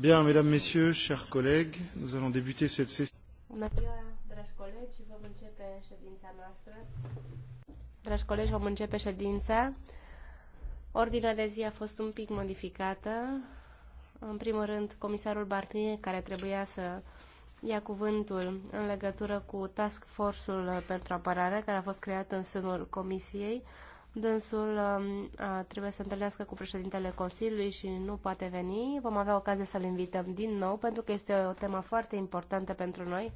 Bien, mesdames, messieurs, chers collègues, nous allons débuter cette session. dragi colegi, vom începe ședința noastră. Dragi colegi, vom începe ședința. Ordinea de zi a fost un pic modificată. În primul rând, comisarul Barnier, care trebuia să ia cuvântul în legătură cu task force-ul pentru apărare, care a fost creat în sânul comisiei, Dânsul um, a, trebuie să întâlnească cu președintele Consiliului și nu poate veni. Vom avea ocazie să-l invităm din nou pentru că este o temă foarte importantă pentru noi.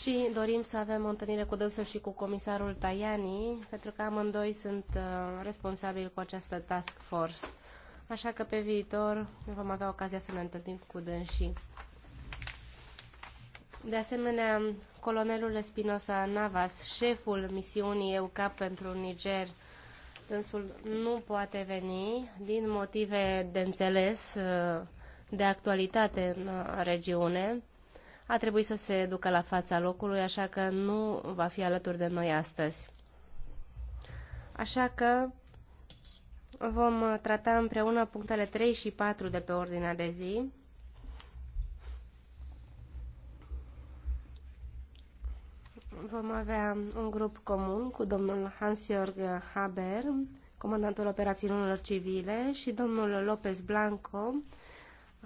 Și dorim să avem o întâlnire cu dânsul și cu comisarul Tajani, pentru că amândoi sunt uh, responsabili cu această task force. Așa că pe viitor vom avea ocazia să ne întâlnim cu dânsii. De asemenea, colonelul Espinosa Navas, șeful misiunii EUCAP pentru Niger, dânsul nu poate veni din motive de înțeles de actualitate în regiune. A trebuit să se ducă la fața locului, așa că nu va fi alături de noi astăzi. Așa că vom trata împreună punctele 3 și 4 de pe ordinea de zi. vom avea un grup comun cu domnul Hans-Jörg Haber, comandantul operațiunilor civile, și domnul Lopez Blanco,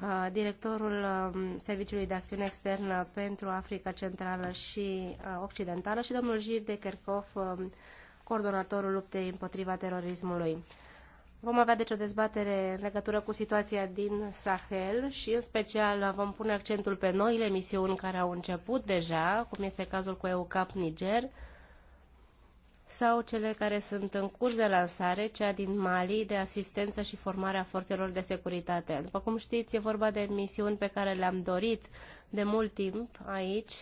uh, directorul um, Serviciului de Acțiune Externă pentru Africa Centrală și uh, Occidentală și domnul Gilles de Kerkhoff, um, coordonatorul luptei împotriva terorismului. Vom avea deci o dezbatere în legătură cu situația din Sahel și în special vom pune accentul pe noile misiuni care au început deja, cum este cazul cu EUCAP Niger, sau cele care sunt în curs de lansare, cea din Mali, de asistență și formarea forțelor de securitate. După cum știți, e vorba de misiuni pe care le-am dorit de mult timp aici,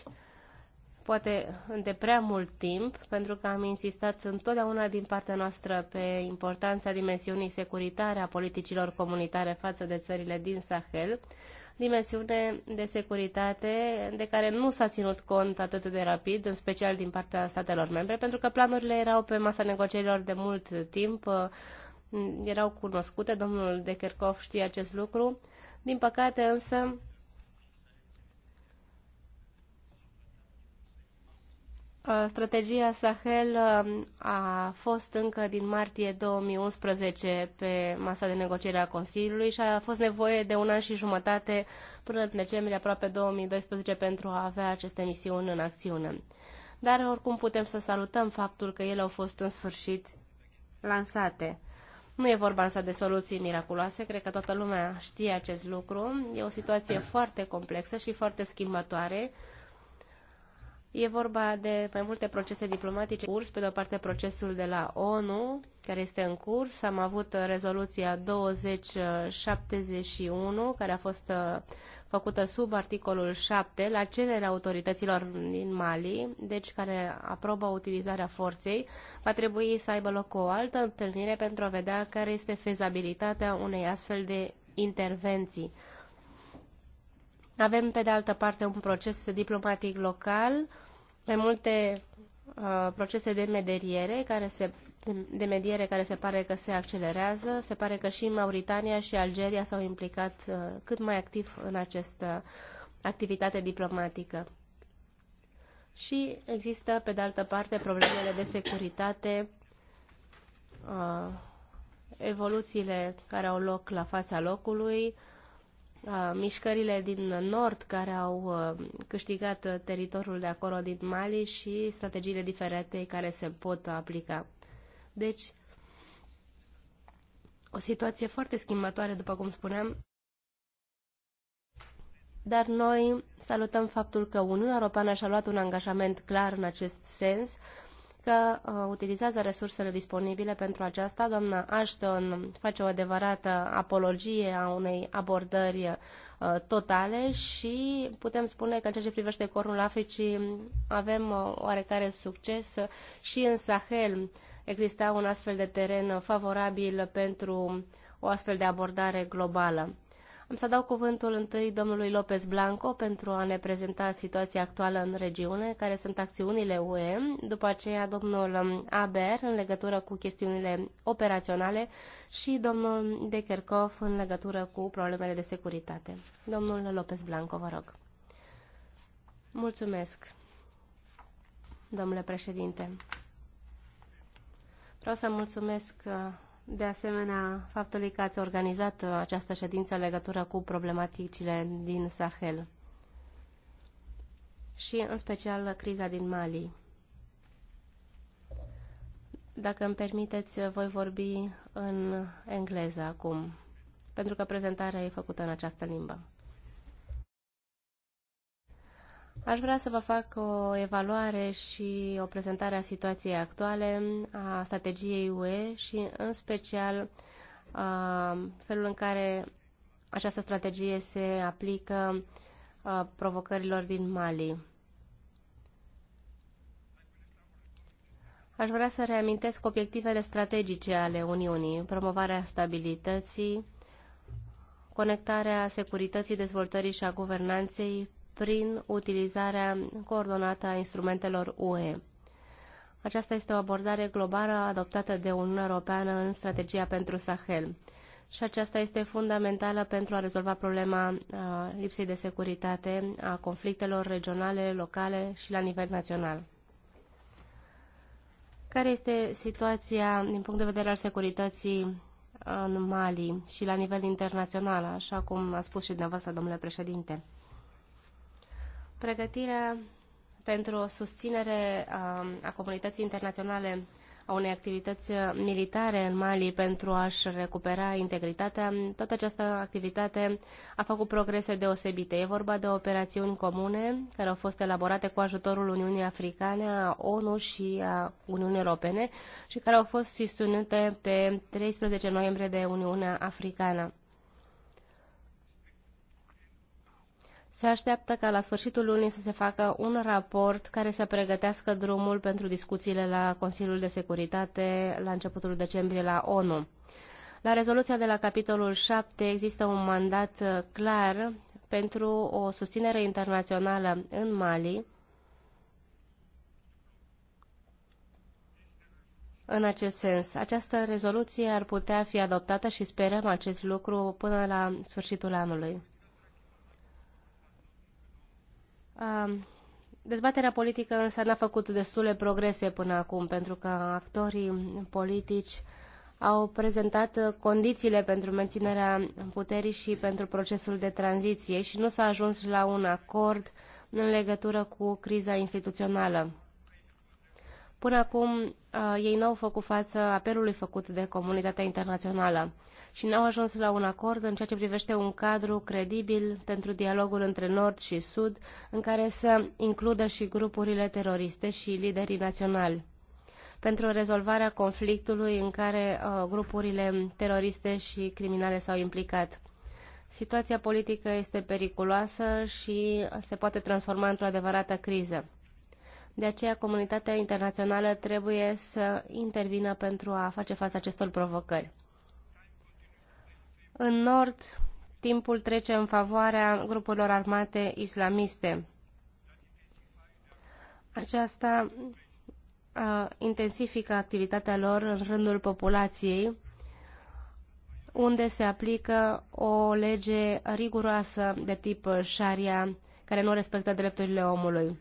poate de prea mult timp, pentru că am insistat întotdeauna din partea noastră pe importanța dimensiunii securitare a politicilor comunitare față de țările din Sahel, dimensiune de securitate de care nu s-a ținut cont atât de rapid, în special din partea statelor membre, pentru că planurile erau pe masa negocierilor de mult timp, erau cunoscute, domnul Deckerkov știe acest lucru. Din păcate însă, Uh, strategia Sahel um, a fost încă din martie 2011 pe masa de negociere a Consiliului și a fost nevoie de un an și jumătate până în decembrie aproape 2012 pentru a avea aceste misiuni în acțiune. Dar oricum putem să salutăm faptul că ele au fost în sfârșit lansate. Nu e vorba însă de soluții miraculoase, cred că toată lumea știe acest lucru. E o situație foarte complexă și foarte schimbătoare E vorba de mai multe procese diplomatice curs, pe de o parte procesul de la ONU, care este în curs. Am avut uh, rezoluția 2071, care a fost uh, făcută sub articolul 7 la cererea autorităților din Mali, deci care aprobă utilizarea forței, va trebui să aibă loc o altă întâlnire pentru a vedea care este fezabilitatea unei astfel de intervenții avem, pe de altă parte, un proces diplomatic local, mai multe uh, procese de mediere care se de mediere care se pare că se accelerează. Se pare că și Mauritania și Algeria s-au implicat uh, cât mai activ în această activitate diplomatică. Și există, pe de altă parte, problemele de securitate, uh, evoluțiile care au loc la fața locului, uh, mișcările din nord care au câștigat teritoriul de acolo din Mali și strategiile diferite care se pot aplica. Deci, o situație foarte schimbătoare, după cum spuneam, dar noi salutăm faptul că Uniunea Europeană și-a luat un angajament clar în acest sens că uh, utilizează resursele disponibile pentru aceasta. Doamna Ashton face o adevărată apologie a unei abordări uh, totale și putem spune că în ceea ce privește cornul Africii avem uh, oarecare succes și în Sahel exista un astfel de teren favorabil pentru o astfel de abordare globală. Am să dau cuvântul întâi domnului Lopez Blanco pentru a ne prezenta situația actuală în regiune, care sunt acțiunile UE, după aceea domnul um, Aber în legătură cu chestiunile operaționale și domnul Dekerkov în legătură cu problemele de securitate. Domnul Lopez Blanco, vă rog. Mulțumesc, domnule președinte. Vreau să mulțumesc uh, de asemenea faptului că ați organizat uh, această ședință în legătură cu problematicile din Sahel și în special criza din Mali. Dacă îmi permiteți, voi vorbi în engleză acum, pentru că prezentarea e făcută în această limbă. Aș vrea să vă fac o evaluare și o prezentare a situației actuale, a strategiei UE și, în special, a felul în care această strategie se aplică a provocărilor din Mali. Aș vrea să reamintesc obiectivele strategice ale Uniunii, promovarea stabilității, conectarea securității, dezvoltării și a guvernanței prin utilizarea coordonată a instrumentelor UE. Aceasta este o abordare globală adoptată de Uniunea Europeană în strategia pentru Sahel și aceasta este fundamentală pentru a rezolva problema a, uh, lipsei de securitate, a conflictelor regionale, locale și la nivel național. Care este situația din punct de vedere al securității uh, în Mali și la nivel internațional, așa cum a spus și dumneavoastră, domnule președinte? Pregătirea pentru o susținere a, a comunității internaționale a unei activități militare în Mali pentru a-și recupera integritatea, toată această activitate a făcut progrese deosebite. E vorba de operațiuni comune care au fost elaborate cu ajutorul Uniunii Africane, a ONU și a Uniunii Europene și care au fost susținute pe 13 noiembrie de Uniunea Africană. Se așteaptă ca la sfârșitul lunii să se facă un raport care să pregătească drumul pentru discuțiile la Consiliul de Securitate la începutul decembrie la ONU. La rezoluția de la capitolul 7 există un mandat uh, clar pentru o susținere internațională în Mali. În acest sens, această rezoluție ar putea fi adoptată și sperăm acest lucru până la sfârșitul anului. Um, dezbaterea politică însă n-a făcut destule progrese până acum, pentru că actorii politici au prezentat condițiile pentru menținerea puterii și pentru procesul de tranziție și nu s-a ajuns la un acord în legătură cu criza instituțională. Până acum, uh, ei n-au făcut față apelului făcut de comunitatea internațională și n-au ajuns la un acord în ceea ce privește un cadru credibil pentru dialogul între Nord și Sud, în care să includă și grupurile teroriste și liderii naționali pentru rezolvarea conflictului în care uh, grupurile teroriste și criminale s-au implicat. Situația politică este periculoasă și se poate transforma într-o adevărată criză. De aceea, comunitatea internațională trebuie să intervină pentru a face față acestor provocări. În nord, timpul trece în favoarea grupurilor armate islamiste. Aceasta intensifică activitatea lor în rândul populației, unde se aplică o lege riguroasă de tip sharia, care nu respectă drepturile omului.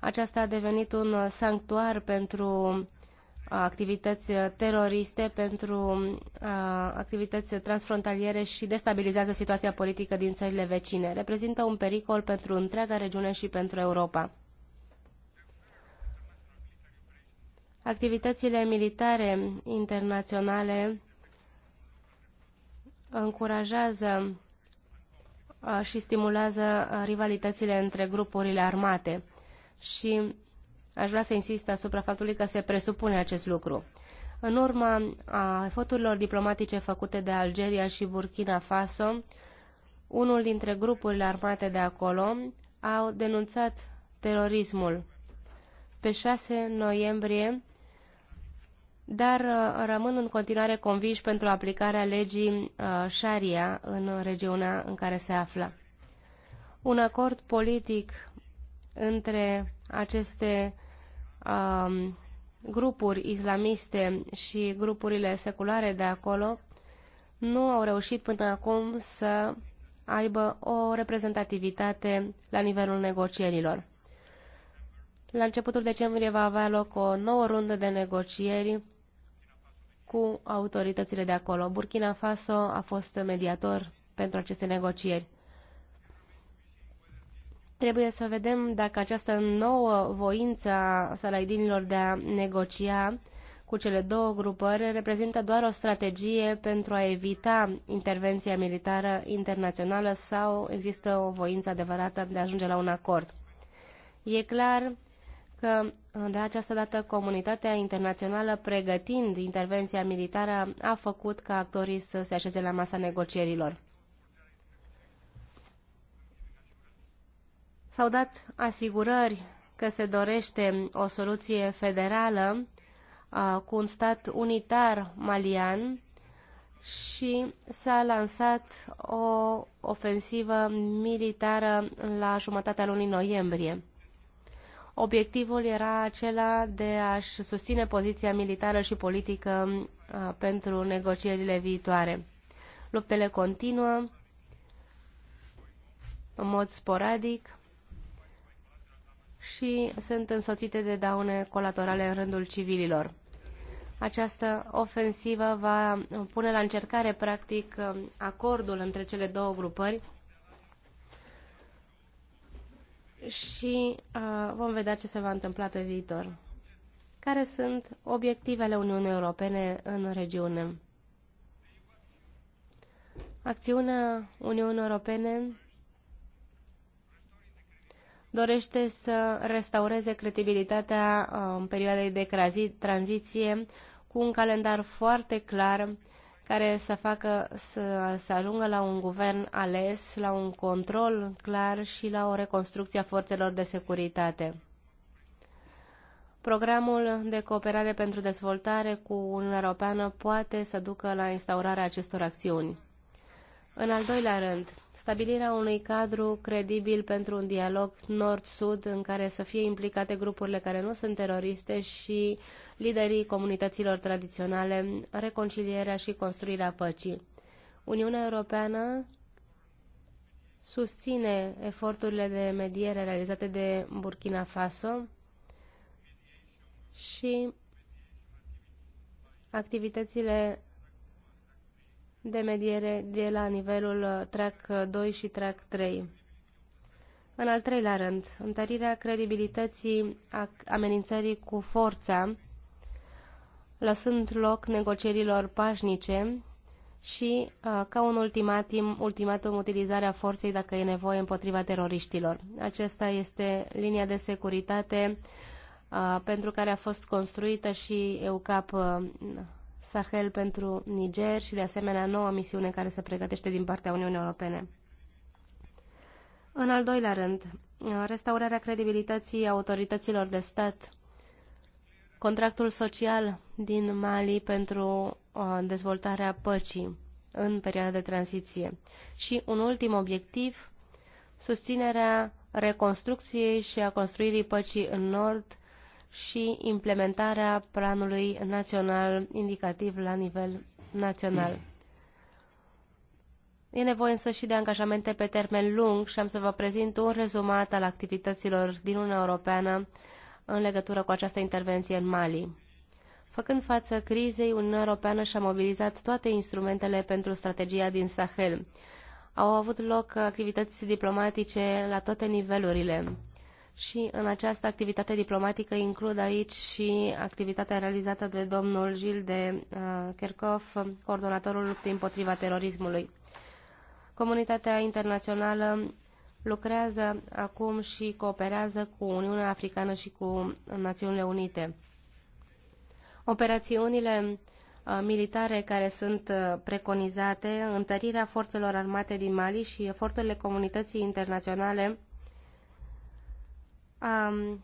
Aceasta a devenit un sanctuar pentru uh, activități teroriste, pentru uh, activități transfrontaliere și destabilizează situația politică din țările vecine. Reprezintă un pericol pentru întreaga regiune și pentru Europa. Activitățile militare internaționale încurajează uh, și stimulează rivalitățile între grupurile armate și aș vrea să insist asupra faptului că se presupune acest lucru. În urma a eforturilor diplomatice făcute de Algeria și Burkina Faso, unul dintre grupurile armate de acolo au denunțat terorismul pe 6 noiembrie, dar uh, rămân în continuare conviși pentru aplicarea legii uh, Sharia în regiunea în care se află. Un acord politic între aceste um, grupuri islamiste și grupurile seculare de acolo nu au reușit până acum să aibă o reprezentativitate la nivelul negocierilor. La începutul decembrie va avea loc o nouă rundă de negocieri cu autoritățile de acolo. Burkina Faso a fost mediator pentru aceste negocieri. Trebuie să vedem dacă această nouă voință a salaidinilor de a negocia cu cele două grupări reprezintă doar o strategie pentru a evita intervenția militară internațională sau există o voință adevărată de a ajunge la un acord. E clar că de această dată comunitatea internațională, pregătind intervenția militară, a făcut ca actorii să se așeze la masa negocierilor. S-au dat asigurări că se dorește o soluție federală cu un stat unitar malian și s-a lansat o ofensivă militară la jumătatea lunii noiembrie. Obiectivul era acela de a-și susține poziția militară și politică pentru negocierile viitoare. Luptele continuă în mod sporadic și sunt însoțite de daune colaterale în rândul civililor. Această ofensivă va pune la încercare, practic, acordul între cele două grupări și uh, vom vedea ce se va întâmpla pe viitor. Care sunt obiectivele Uniunii Europene în regiune? Acțiunea Uniunii Europene dorește să restaureze credibilitatea uh, în perioadei de tranziție cu un calendar foarte clar care să facă să, să ajungă la un guvern ales, la un control clar și la o reconstrucție a forțelor de securitate. Programul de cooperare pentru dezvoltare cu Uniunea Europeană poate să ducă la instaurarea acestor acțiuni. În al doilea rând, stabilirea unui cadru credibil pentru un dialog nord-sud în care să fie implicate grupurile care nu sunt teroriste și liderii comunităților tradiționale, reconcilierea și construirea păcii. Uniunea Europeană susține eforturile de mediere realizate de Burkina Faso și activitățile de mediere de la nivelul uh, track 2 uh, și track 3. În al treilea rând, întărirea credibilității amenințării cu forța, lăsând loc negocierilor pașnice și, uh, ca un ultimatum, ultimatum utilizarea forței dacă e nevoie împotriva teroriștilor. Acesta este linia de securitate pentru care a fost construită și EUCAP Sahel pentru Niger și de asemenea noua misiune care se pregătește din partea Uniunii Europene. În al doilea rând, restaurarea credibilității autorităților de stat, contractul social din Mali pentru uh, dezvoltarea păcii în perioada de tranziție și un ultim obiectiv, susținerea reconstrucției și a construirii păcii în nord și implementarea planului național indicativ la nivel național. E nevoie însă și de angajamente pe termen lung și am să vă prezint un rezumat al activităților din Uniunea Europeană în legătură cu această intervenție în Mali. Făcând față crizei, Uniunea Europeană și-a mobilizat toate instrumentele pentru strategia din Sahel. Au avut loc activități diplomatice la toate nivelurile. Și în această activitate diplomatică includ aici și activitatea realizată de domnul Gilles de uh, Kerkov, coordonatorul luptei împotriva terorismului. Comunitatea internațională lucrează acum și cooperează cu Uniunea Africană și cu Națiunile Unite. Operațiunile uh, militare care sunt uh, preconizate, întărirea forțelor armate din Mali și eforturile comunității internaționale um,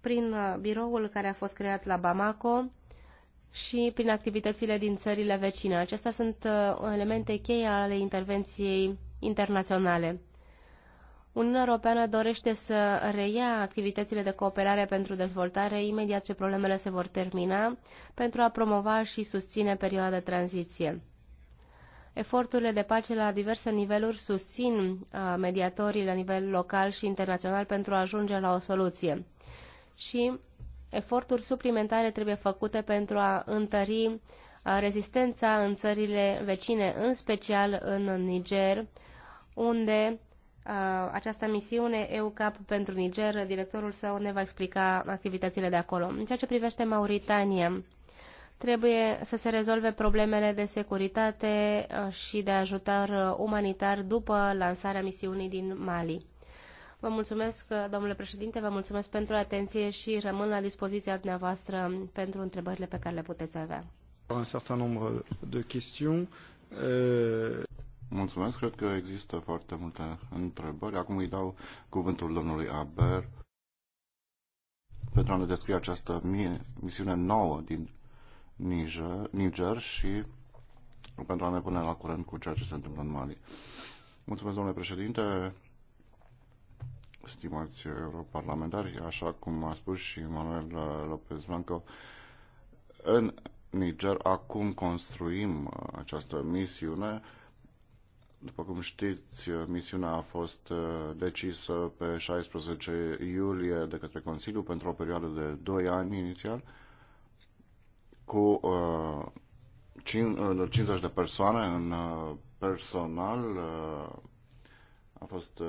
prin uh, biroul care a fost creat la Bamako și prin activitățile din țările vecine. Acestea sunt uh, elemente cheie ale intervenției internaționale. Uniunea Europeană dorește să reia activitățile de cooperare pentru dezvoltare imediat ce problemele se vor termina, pentru a promova și susține perioada de tranziție. Eforturile de pace la diverse niveluri susțin uh, mediatorii la nivel local și internațional pentru a ajunge la o soluție. Și eforturi suplimentare trebuie făcute pentru a întări uh, rezistența în țările vecine, în special în Niger, unde uh, această misiune EUCAP pentru Niger, directorul său ne va explica activitățile de acolo. În ceea ce privește Mauritania, Trebuie să se rezolve problemele de securitate uh, și de ajutor uh, umanitar după lansarea misiunii din Mali. Vă mulțumesc, uh, domnule președinte, vă mulțumesc pentru atenție și rămân la dispoziția dumneavoastră um, pentru întrebările pe care le puteți avea. Un certain nombre de questions. Euh, mulțumesc, cred că există foarte multe întrebări. Acum îi dau cuvântul domnului Aber pentru a ne descrie această misiune nouă din Niger, Niger și pentru a ne pune la curent cu ceea ce se întâmplă în Mali. Mulțumesc, domnule președinte, stimați europarlamentari, așa cum a spus și Manuel López Blanco, în Niger acum construim această misiune. După cum știți, misiunea a fost decisă pe 16 iulie de către Consiliu pentru o perioadă de 2 ani inițial cu 50 uh, uh, de persoane în uh, personal. A fost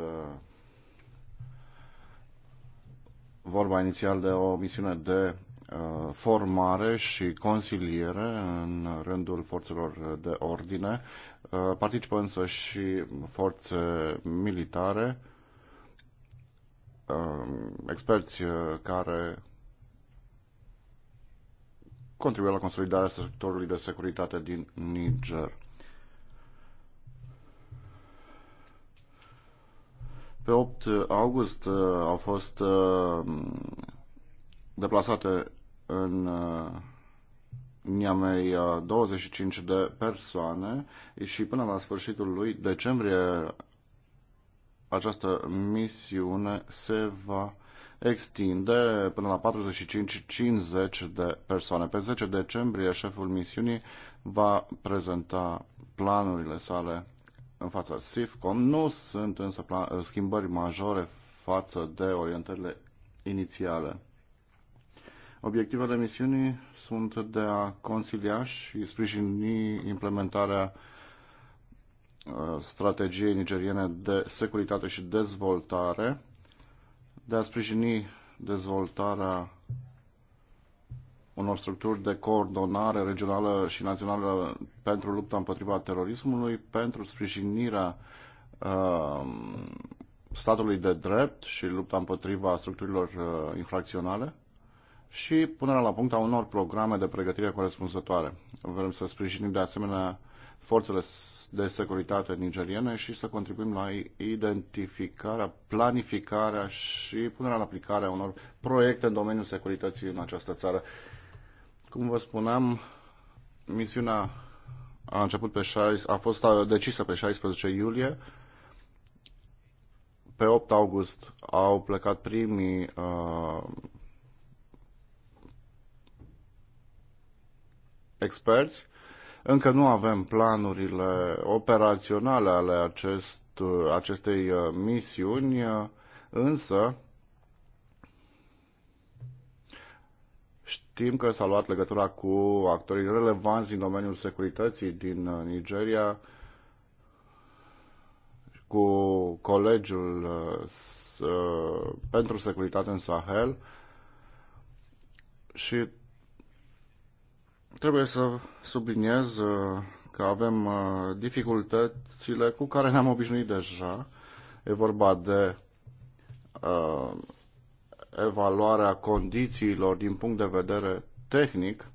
vorba inițial de o misiune de formare și consiliere în rândul forțelor de ordine. Participă însă și forțe militare, experți care contribuie la consolidarea sectorului de securitate din Niger. Pe 8 august uh, au fost uh, deplasate în uh, Niamei 25 de persoane și până la sfârșitul lui decembrie această misiune se va extinde până la 45-50 de persoane. Pe 10 decembrie, șeful misiunii va prezenta planurile sale în fața SIFCOM. Nu sunt însă schimbări majore față de orientările inițiale. Obiectivele misiunii sunt de a consilia și sprijini implementarea uh, strategiei nigeriene de securitate și dezvoltare de a sprijini dezvoltarea unor structuri de coordonare regională și națională pentru lupta împotriva terorismului, pentru sprijinirea uh, statului de drept și lupta împotriva structurilor uh, infracționale și punerea la punct a unor programe de pregătire corespunzătoare. Vrem să sprijinim de asemenea forțele de securitate nigeriene și să contribuim la identificarea, planificarea și punerea în aplicare a unor proiecte în domeniul securității în această țară. Cum vă spuneam, misiunea a început pe 6, a fost decisă pe 16 iulie. Pe 8 august au plecat primii uh, experți încă nu avem planurile operaționale ale acest, acestei uh, misiuni, uh, însă Știm că s-a luat legătura cu actorii relevanți din domeniul securității din uh, Nigeria, cu colegiul pentru securitate în Sahel și Trebuie să subliniez uh, că avem uh, dificultățile cu care ne-am obișnuit deja. E vorba de uh, evaluarea condițiilor din punct de vedere tehnic,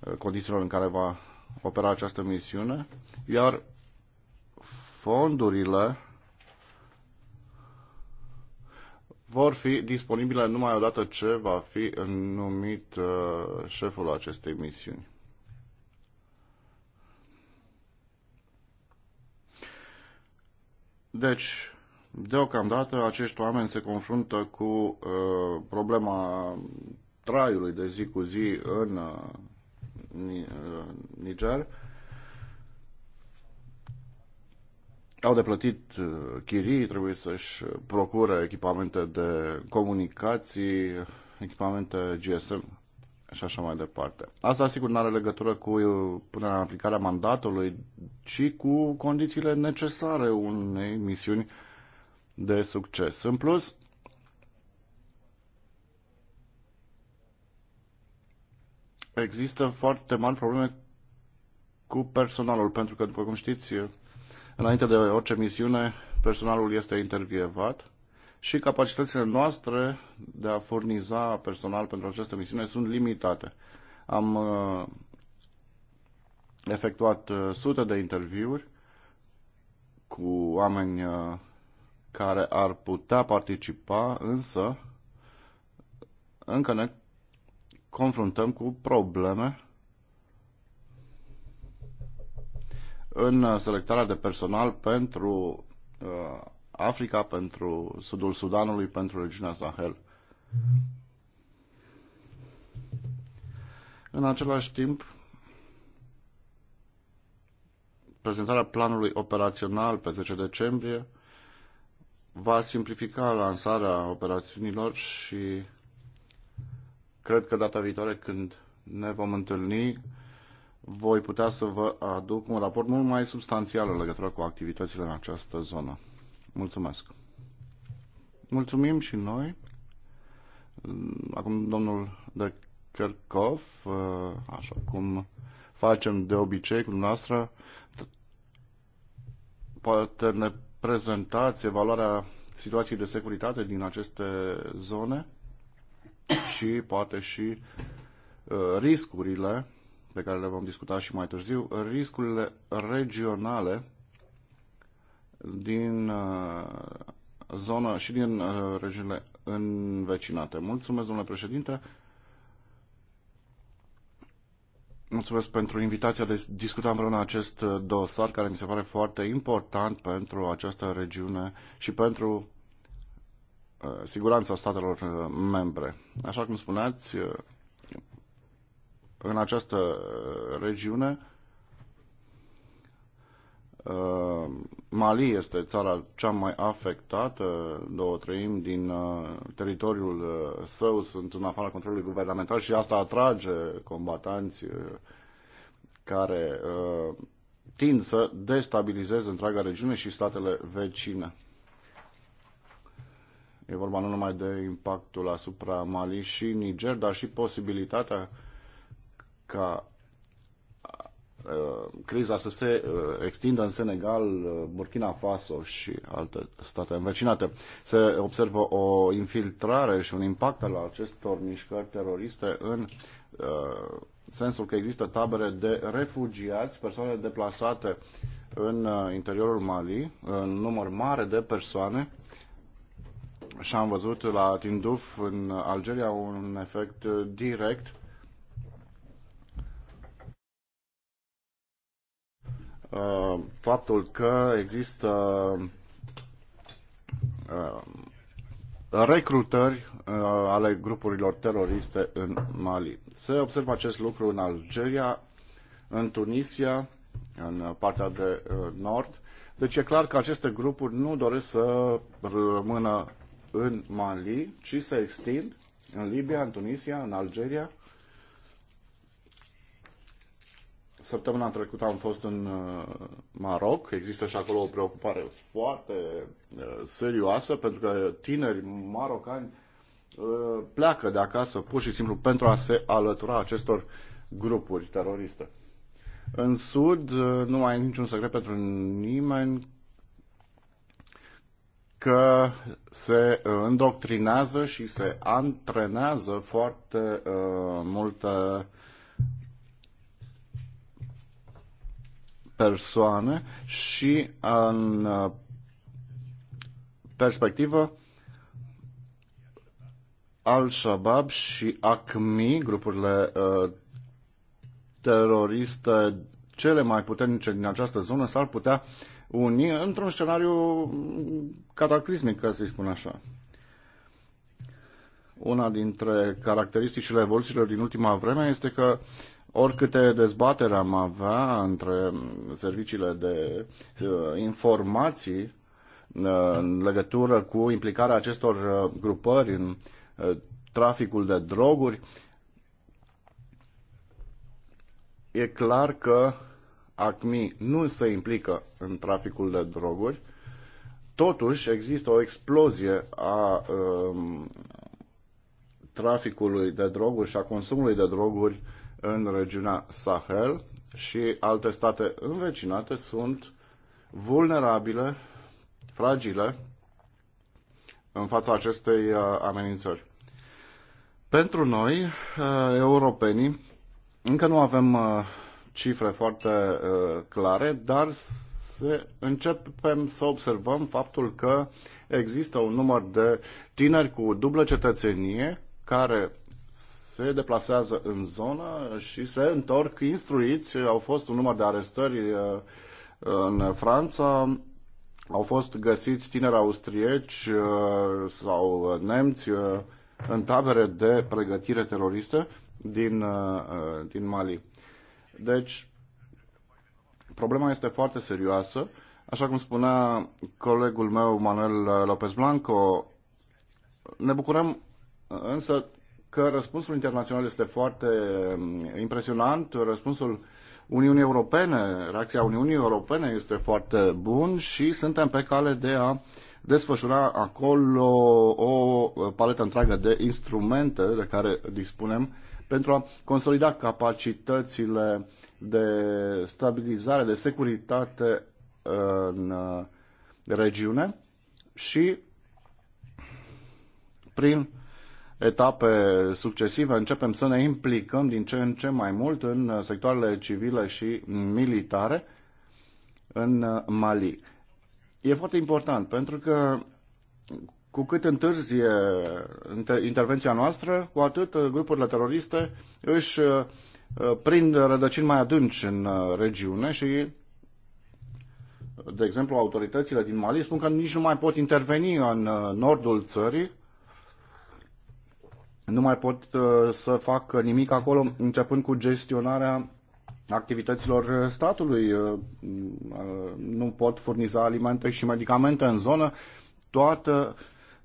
uh, condițiilor în care va opera această misiune, iar fondurile vor fi disponibile numai odată ce va fi numit uh, șeful acestei misiuni. Deci, deocamdată, acești oameni se confruntă cu uh, problema traiului de zi cu zi în uh, uh Niger. au de plătit uh, chirii, trebuie să-și uh, procure echipamente de comunicații, echipamente GSM și așa mai departe. Asta, sigur, nu are legătură cu uh, punerea în aplicare a mandatului, ci cu condițiile necesare unei misiuni de succes. În plus, există foarte mari probleme cu personalul, pentru că, după cum știți, Înainte de orice misiune, personalul este intervievat și capacitățile noastre de a furniza personal pentru această misiune sunt limitate. Am uh, efectuat uh, sute de interviuri cu oameni uh, care ar putea participa, însă încă ne confruntăm cu probleme în selectarea de personal pentru uh, Africa, pentru sudul Sudanului, pentru regiunea Sahel. În același timp, prezentarea planului operațional pe 10 decembrie va simplifica lansarea operațiunilor și cred că data viitoare când ne vom întâlni voi putea să vă aduc un raport mult mai substanțial în legătură cu activitățile în această zonă. Mulțumesc! Mulțumim și noi. Acum domnul de Kerkov, așa cum facem de obicei cu dumneavoastră, poate ne prezentați evaluarea situației de securitate din aceste zone și poate și uh, riscurile pe care le vom discuta și mai târziu, riscurile regionale din uh, zona și din uh, regiunile învecinate. Mulțumesc, domnule președinte. Mulțumesc pentru invitația de a discuta împreună acest uh, dosar care mi se pare foarte important pentru această regiune și pentru siguranța statelor membre. Așa cum spuneați, în această uh, regiune. Uh, Mali este țara cea mai afectată, două treimi din uh, teritoriul său sunt în afara controlului guvernamental și asta atrage combatanți care tind să destabilizeze întreaga regiune și statele vecine. E vorba nu numai de impactul asupra Mali și Niger, dar și posibilitatea ca uh, criza să se uh, extindă în Senegal, uh, Burkina Faso și alte state învecinate. Se observă o infiltrare și un impact al acestor mișcări teroriste în sensul că există tabere de refugiați, persoane deplasate în interiorul Mali, în număr mare de persoane și am văzut la Tinduf în Algeria un efect direct Uh, faptul că există uh, recrutări uh, ale grupurilor teroriste în Mali. Se observă acest lucru în Algeria, în Tunisia, în partea de nord. Deci e clar că aceste grupuri nu doresc să rămână în Mali, ci să extind în Libia, în Tunisia, în Algeria Săptămâna trecută am fost în uh, Maroc. Există și acolo o preocupare foarte uh, serioasă pentru că tineri marocani uh, pleacă de acasă pur și simplu pentru a se alătura acestor grupuri teroriste. În Sud nu mai e niciun secret pentru nimeni că se îndoctrinează și se antrenează foarte uh, persoane și în uh, perspectivă al-Shabaab și ACMI, grupurile uh, teroriste cele mai puternice din această zonă, s-ar putea uni într-un scenariu cataclismic, ca să-i spun așa. Una dintre caracteristicile evoluțiilor din ultima vreme este că oricâte dezbatere am avea între serviciile de uh, informații uh, în legătură cu implicarea acestor uh, grupări în uh, traficul de droguri, e clar că ACMI nu se implică în traficul de droguri, totuși există o explozie a uh, traficului de droguri și a consumului de droguri în regiunea Sahel și alte state învecinate sunt vulnerabile, fragile în fața acestei uh, amenințări. Pentru noi, uh, europenii, încă nu avem uh, cifre foarte clare, dar se, începem să observăm faptul că există un număr de tineri cu dublă cetățenie care se deplasează în zonă și se întorc instruiți. Au fost un număr de arestări uh, în Franța, au fost găsiți tineri austrieci uh, sau nemți uh, în tabere de pregătire teroristă din, din Mali. Deci, problema este foarte serioasă. Așa cum spunea colegul meu, Manuel Lopez Blanco, ne bucurăm însă că răspunsul internațional este foarte um, impresionant, răspunsul Uniunii Europene, reacția Uniunii Europene este foarte bun și suntem pe cale de a desfășura acolo o paletă întreagă de instrumente de care dispunem pentru a consolida capacitățile de stabilizare, de securitate în uh, regiune și prin etape succesive începem să ne implicăm din ce în ce mai mult în uh, sectoarele civile și militare în uh, Mali. E foarte important pentru că cu cât întârzie intervenția noastră, cu atât uh, grupurile teroriste își prind rădăcini mai adânci în regiune și, de exemplu, autoritățile din Mali spun că nici nu mai pot interveni în nordul țării nu mai pot uh, să fac nimic acolo, începând cu gestionarea activităților statului. Uh, uh, nu pot furniza alimente și medicamente în zonă. Toată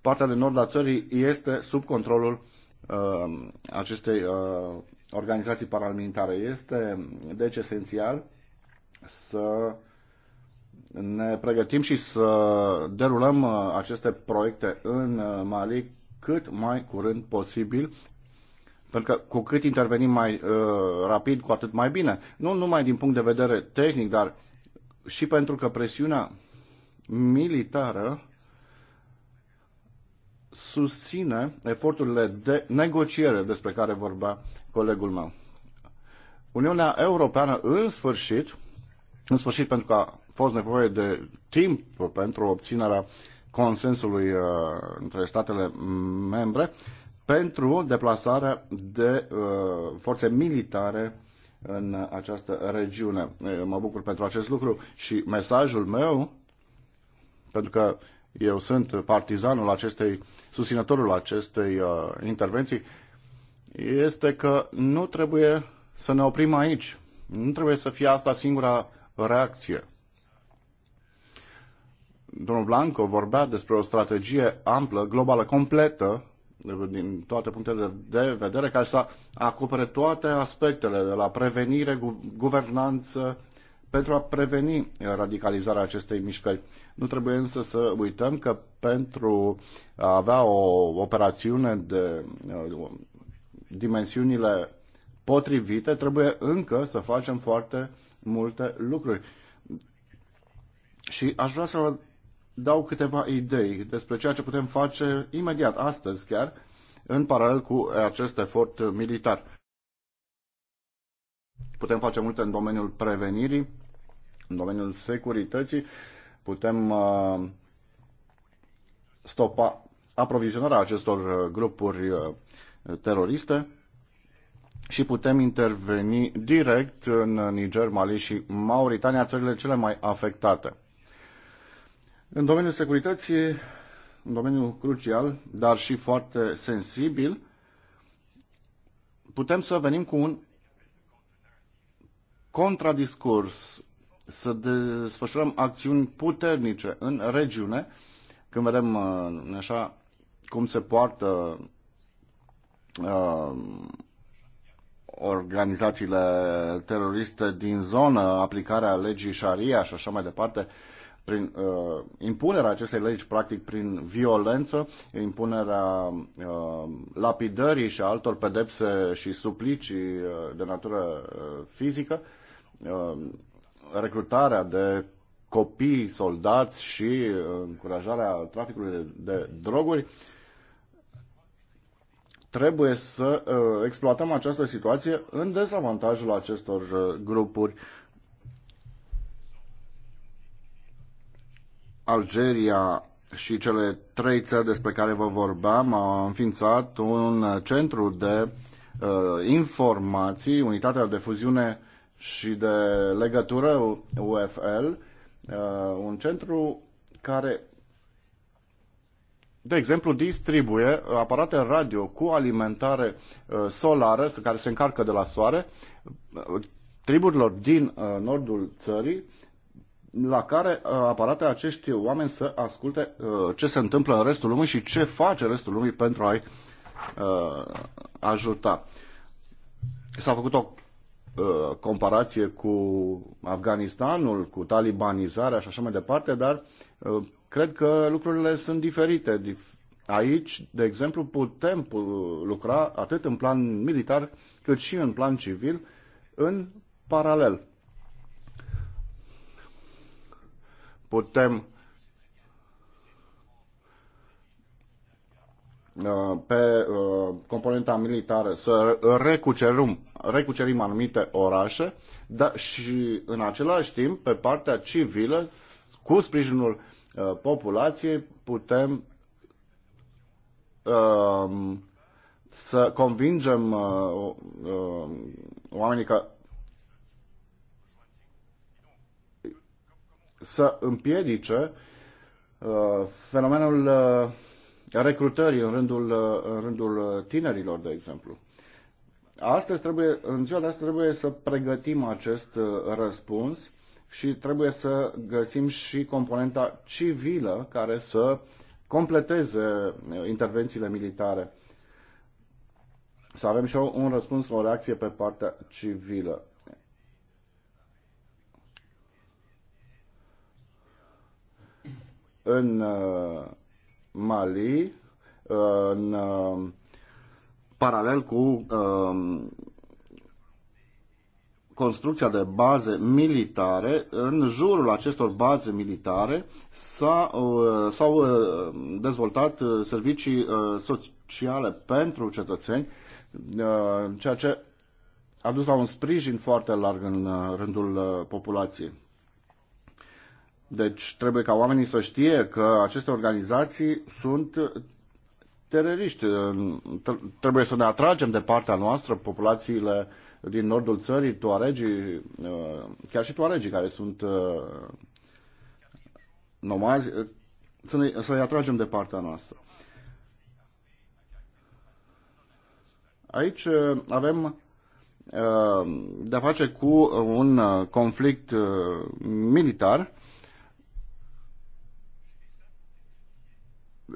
partea de nord a țării este sub controlul acestei organizații paramilitare. Este deci esențial să ne pregătim și să derulăm aceste proiecte în Mali cât mai curând posibil, pentru că cu cât intervenim mai uh, rapid, cu atât mai bine. Nu numai din punct de vedere tehnic, dar și pentru că presiunea militară susține eforturile de negociere despre care vorbea colegul meu. Uniunea Europeană, în sfârșit, în sfârșit pentru că a fost nevoie de timp pentru obținerea consensului uh, între statele membre pentru deplasarea de uh, forțe militare în această regiune. Uh, mă bucur pentru acest lucru și mesajul meu, pentru că eu sunt partizanul acestei, susținătorul acestei uh, intervenții, este că nu trebuie să ne oprim aici. Nu trebuie să fie asta singura reacție. Domnul Blanco vorbea despre o strategie amplă, globală, completă, din toate punctele de vedere, care să acopere toate aspectele, de la prevenire, guvernanță, pentru a preveni radicalizarea acestei mișcări. Nu trebuie însă să uităm că pentru a avea o operațiune de uh, dimensiunile potrivite, trebuie încă să facem foarte multe lucruri. Și aș vrea să dau câteva idei despre ceea ce putem face imediat, astăzi chiar, în paralel cu acest efort militar. Putem face multe în domeniul prevenirii, în domeniul securității, putem uh, stopa aprovizionarea acestor uh, grupuri uh, teroriste și putem interveni direct în Niger, Mali și Mauritania, țările cele mai afectate. În domeniul securității, un domeniu crucial, dar și foarte sensibil, putem să venim cu un contradiscurs, să desfășurăm acțiuni puternice în regiune, când vedem uh, așa cum se poartă uh, organizațiile teroriste din zonă, aplicarea legii Sharia și așa mai departe, uh, prin uh, impunerea acestei legi, practic prin violență, impunerea uh, lapidării și altor pedepse și suplicii uh, de natură uh, fizică, uh, recrutarea de copii, soldați și uh, încurajarea traficului de droguri, trebuie să uh, exploatăm această situație în dezavantajul acestor uh, grupuri uh, Algeria și cele trei țări despre care vă vorbeam au înființat un centru de uh, informații, unitatea de fuziune și de legătură UFL, uh, un centru care, de exemplu, distribuie aparate radio cu alimentare uh, solară care se încarcă de la soare uh, triburilor din uh, nordul țării la care uh, aparate acești oameni să asculte uh, ce se întâmplă în restul lumii și ce face restul lumii pentru a-i uh, ajuta. S-a făcut o comparație cu Afganistanul, cu talibanizarea și așa mai departe, dar cred că lucrurile sunt diferite. Aici, de exemplu, putem lucra atât în plan militar cât și în plan civil în paralel. putem uh, pe uh, componenta militară să recucerim, recucerim anumite orașe dar și în același timp pe partea civilă cu sprijinul uh, populației putem să convingem oamenii că să împiedice uh, fenomenul uh, recrutării în rândul, uh, în rândul tinerilor, de exemplu. Astăzi trebuie, în ziua de astăzi trebuie să pregătim acest răspuns și trebuie să găsim și componenta civilă care să completeze intervențiile militare. Să avem și un răspuns, o reacție pe partea civilă. în uh, Mali, uh, în uh, paralel cu um, construcția de baze militare, în jurul acestor baze militare s-au dezvoltat servicii sociale pentru cetățeni, ceea ce a dus la un sprijin foarte larg în rândul populației. Deci trebuie ca oamenii să știe că aceste organizații sunt teroriști. Trebuie să ne atragem de partea noastră populațiile din nordul țării, toaregii, uh, chiar și toaregii care sunt uh, nomazi, uh, să, ne, atragem de partea noastră. Aici avem de-a face cu un conflict militar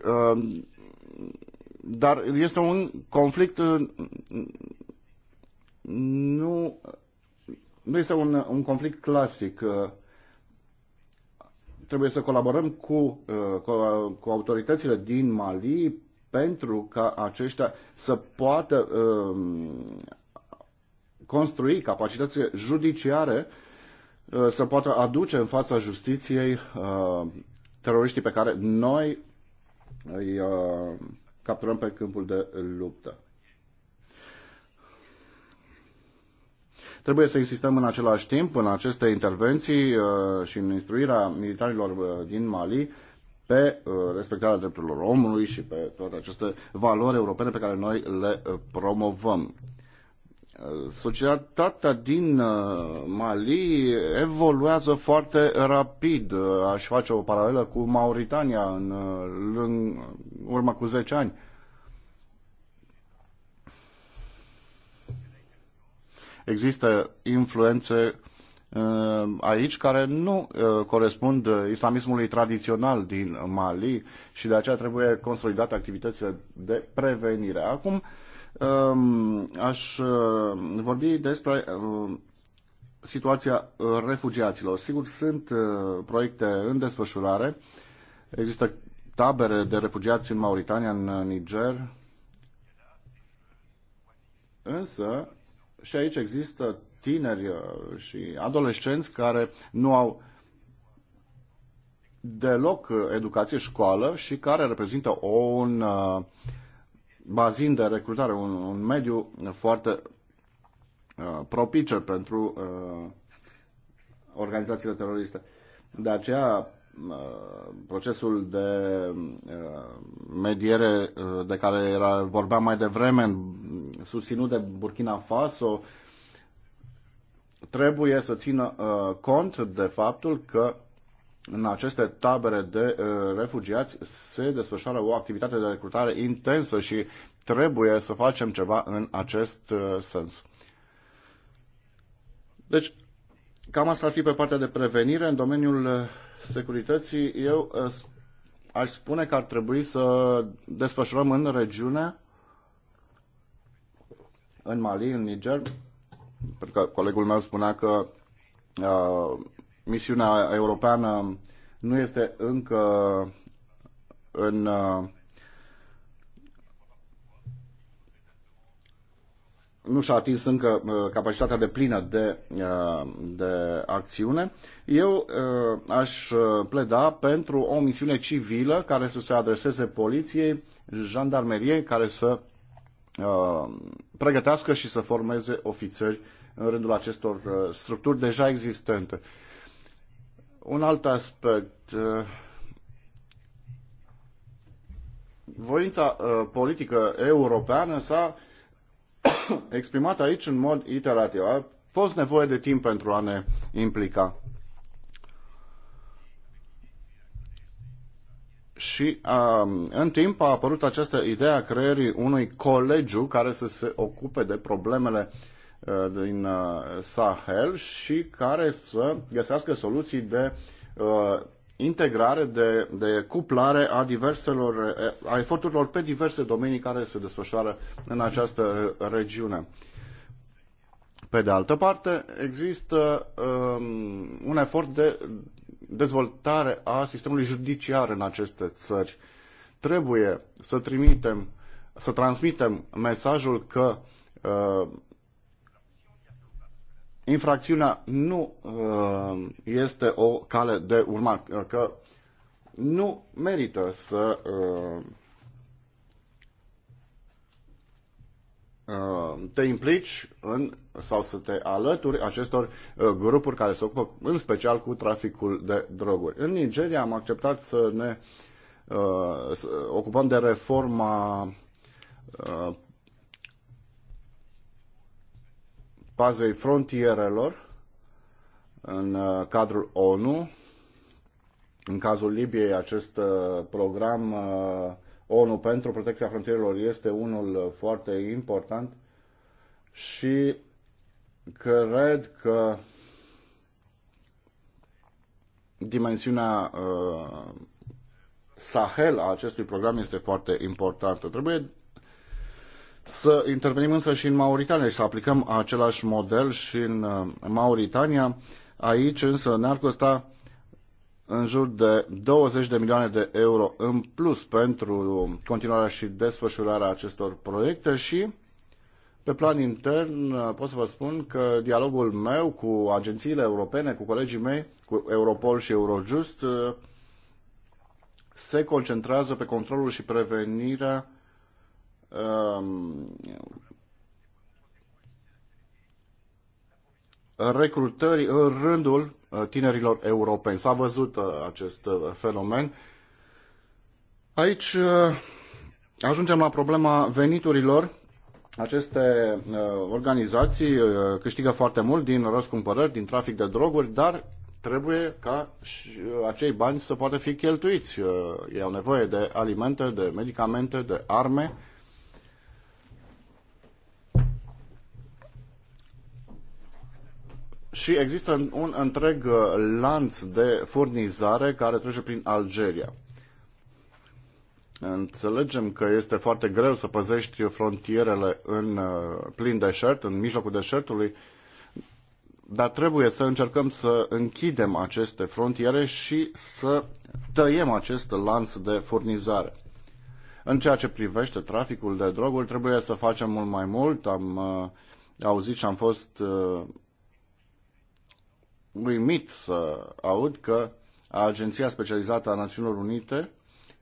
Um, dar este un conflict uh, nu, nu este un, un conflict clasic. Uh, trebuie să colaborăm cu, uh, cu, cu autoritățile din Mali pentru ca aceștia să poată um, construi capacități judiciare să poată aduce în fața justiției teroriștii pe care noi îi uh, capturăm pe câmpul de luptă. Trebuie să insistăm în același timp în aceste intervenții uh, și în instruirea militarilor uh, din Mali pe respectarea drepturilor omului și pe toate aceste valori europene pe care noi le promovăm. Societatea din uh, Mali evoluează foarte rapid. Uh, aș face o paralelă cu Mauritania în, uh, în urmă cu 10 ani. Există influențe aici care nu corespund islamismului tradițional din Mali și de aceea trebuie consolidate activitățile de prevenire. Acum, Ehm, aș eh, vorbi despre ehm, situația eh, refugiaților. Sigur, sunt eh, proiecte în desfășurare. Există tabere de refugiați în Mauritania, în Niger. Însă, și aici există tineri și adolescenți care nu au deloc educație școală și care reprezintă un uh, bazin de recrutare, un, un mediu foarte uh, propice pentru uh, organizațiile teroriste. De aceea, uh, procesul de uh, mediere uh, de care era, vorbeam mai devreme, susținut de Burkina Faso, trebuie să țină cont de faptul că în aceste tabere de uh, refugiați se desfășoară o activitate de recrutare intensă și trebuie să facem ceva în acest uh, sens. Deci, cam asta ar fi pe partea de prevenire. În domeniul uh, securității, eu uh, aș spune că ar trebui să desfășurăm în regiune, în Mali, în Niger, pentru că colegul meu spunea că uh, misiunea europeană nu este încă în uh, nu și-a atins încă uh, capacitatea de plină de, uh, de acțiune, eu aș pleda pentru o misiune civilă care să se adreseze poliției, jandarmeriei, care să pregătească și să formeze ofițeri în rândul acestor structuri deja existente. Un alt aspect. Eh, voința eh, politică europeană s-a exprimat aici în mod iterativ. A fost nevoie de timp pentru a ne implica. Și um, în timp a apărut această idee a creierii unui colegiu care să se ocupe de problemele uh, Uh, din uh, Sahel și care să găsească soluții de uh, integrare, de, de cuplare a diverselor, a eforturilor pe diverse domenii care se desfășoară în această regiune. Pe de altă parte, există um, un efort de dezvoltare a sistemului judiciar în aceste țări. Trebuie să trimitem, să transmitem mesajul că uh, infracțiunea nu uh, este o cale de urmat, uh, că nu merită să uh, te implici în, sau să te alături acestor grupuri care se ocupă în special cu traficul de droguri. În Nigeria am acceptat să ne să ocupăm de reforma pazei frontierelor în uh, cadrul ONU. În cazul Libiei, acest uh, program uh, ONU pentru protecția frontierelor este unul foarte important și cred că dimensiunea uh, Sahel a acestui program este foarte importantă. Trebuie să intervenim însă și în Mauritania și să aplicăm același model și în uh, Mauritania. Aici însă ne-ar costa în jur de 20 de milioane de euro în plus pentru continuarea și desfășurarea acestor proiecte și pe plan intern uh, pot să vă spun că dialogul meu cu agențiile europene, cu colegii mei, cu Europol și Eurojust, uh, se concentrează pe controlul și prevenirea Um, recrutării în rândul uh, tinerilor europeni. S-a văzut uh, acest uh, fenomen. Aici ajungem la problema veniturilor. Aceste organizații câștigă foarte mult din răscumpărări, din trafic de droguri, dar trebuie ca acei bani să poată fi cheltuiți. Ei au nevoie de alimente, de medicamente, de arme și există un întreg uh, lanț de furnizare care trece prin Algeria. Înțelegem că este foarte greu să păzești frontierele în uh, plin deșert, în mijlocul deșertului, dar trebuie să încercăm să închidem aceste frontiere și să tăiem acest lanț de furnizare. În ceea ce privește traficul de droguri, trebuie să facem mult mai mult. Am uh, auzit și am fost uh, uimit să aud că Agenția Specializată a Națiunilor Unite,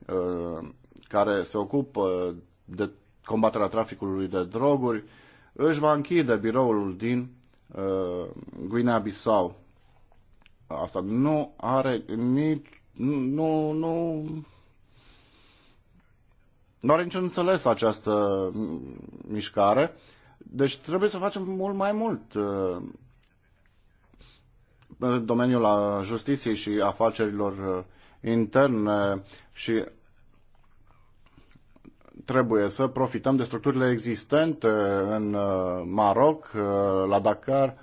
uh, care se ocupă de combaterea traficului de droguri, își va închide biroul din uh, Guinea-Bissau. Asta nu are nici. Nu, nu, nu are niciun înțeles această mm, mișcare. Deci trebuie să facem mult mai mult. Uh, în domeniul justiției și afacerilor uh, interne și trebuie să profităm de structurile existente în uh, Maroc, uh, la Dakar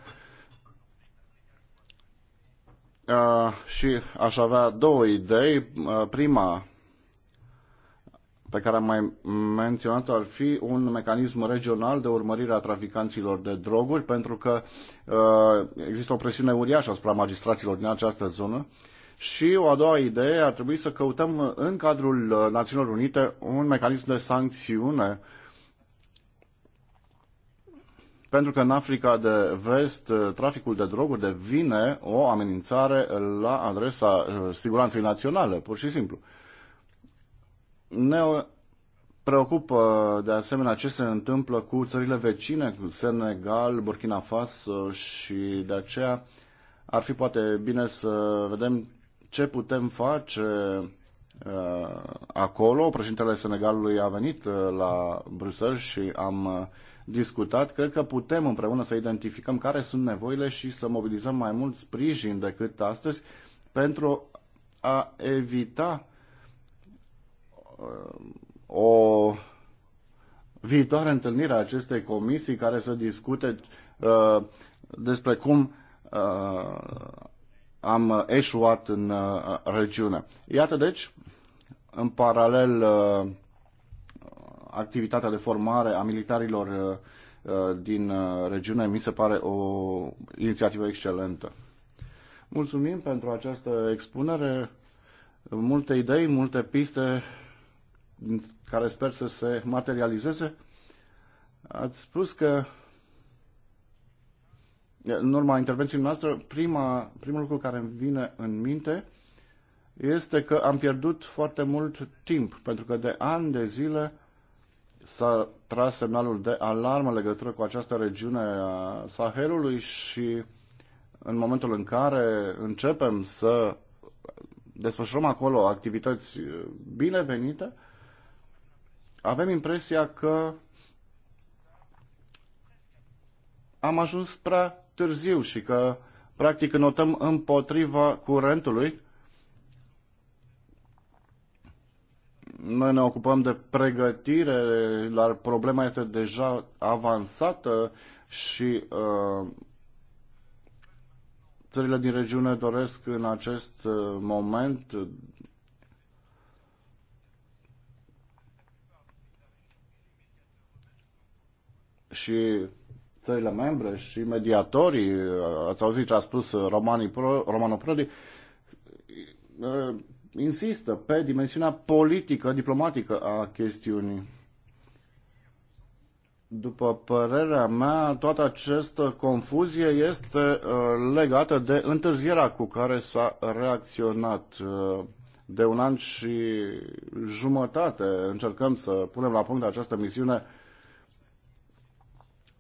și aș avea două idei. Prima pe care am mai menționat ar fi un mecanism regional de urmărire a traficanților de droguri, pentru că uh, există o presiune uriașă asupra magistraților din această zonă. Și o a doua idee ar trebui să căutăm în cadrul uh, Națiunilor Unite un mecanism de sancțiune pentru că în Africa de Vest uh, traficul de droguri devine o amenințare la adresa uh, siguranței naționale, pur și simplu. Ne preocupă de asemenea ce se întâmplă cu țările vecine, cu Senegal, Burkina Faso și de aceea ar fi poate bine să vedem ce putem face uh, acolo. Președintele Senegalului a venit uh, la Bruxelles și am uh, discutat. Cred că putem împreună să identificăm care sunt nevoile și să mobilizăm mai mult sprijin decât astăzi pentru a evita o viitoare întâlnire a acestei comisii care să discute uh, despre cum uh, am eșuat în uh, regiune. Iată deci, în paralel, uh, activitatea de formare a militarilor uh, uh din uh, regiune mi se pare o inițiativă excelentă. Mulțumim pentru această expunere, multe idei, multe piste care sper să se materializeze. Ați spus că în urma intervenției noastre, prima, primul lucru care îmi vine în minte este că am pierdut foarte mult timp, pentru că de ani de zile s-a tras semnalul de alarmă legătură cu această regiune a Sahelului și în momentul în care începem să desfășurăm acolo activități binevenite, avem impresia că am ajuns prea târziu și că practic notăm împotriva curentului. Noi ne ocupăm de pregătire, dar problema este deja avansată și uh, țările din regiune doresc în acest uh, moment și țările membre și mediatorii, ați auzit ce a spus Romanii Romano Prodi, uh, insistă pe dimensiunea politică, diplomatică a chestiunii. După părerea mea, toată această confuzie este uh, legată de întârzierea cu care s-a reacționat. Uh, de un an și jumătate încercăm să punem la punct această misiune uh,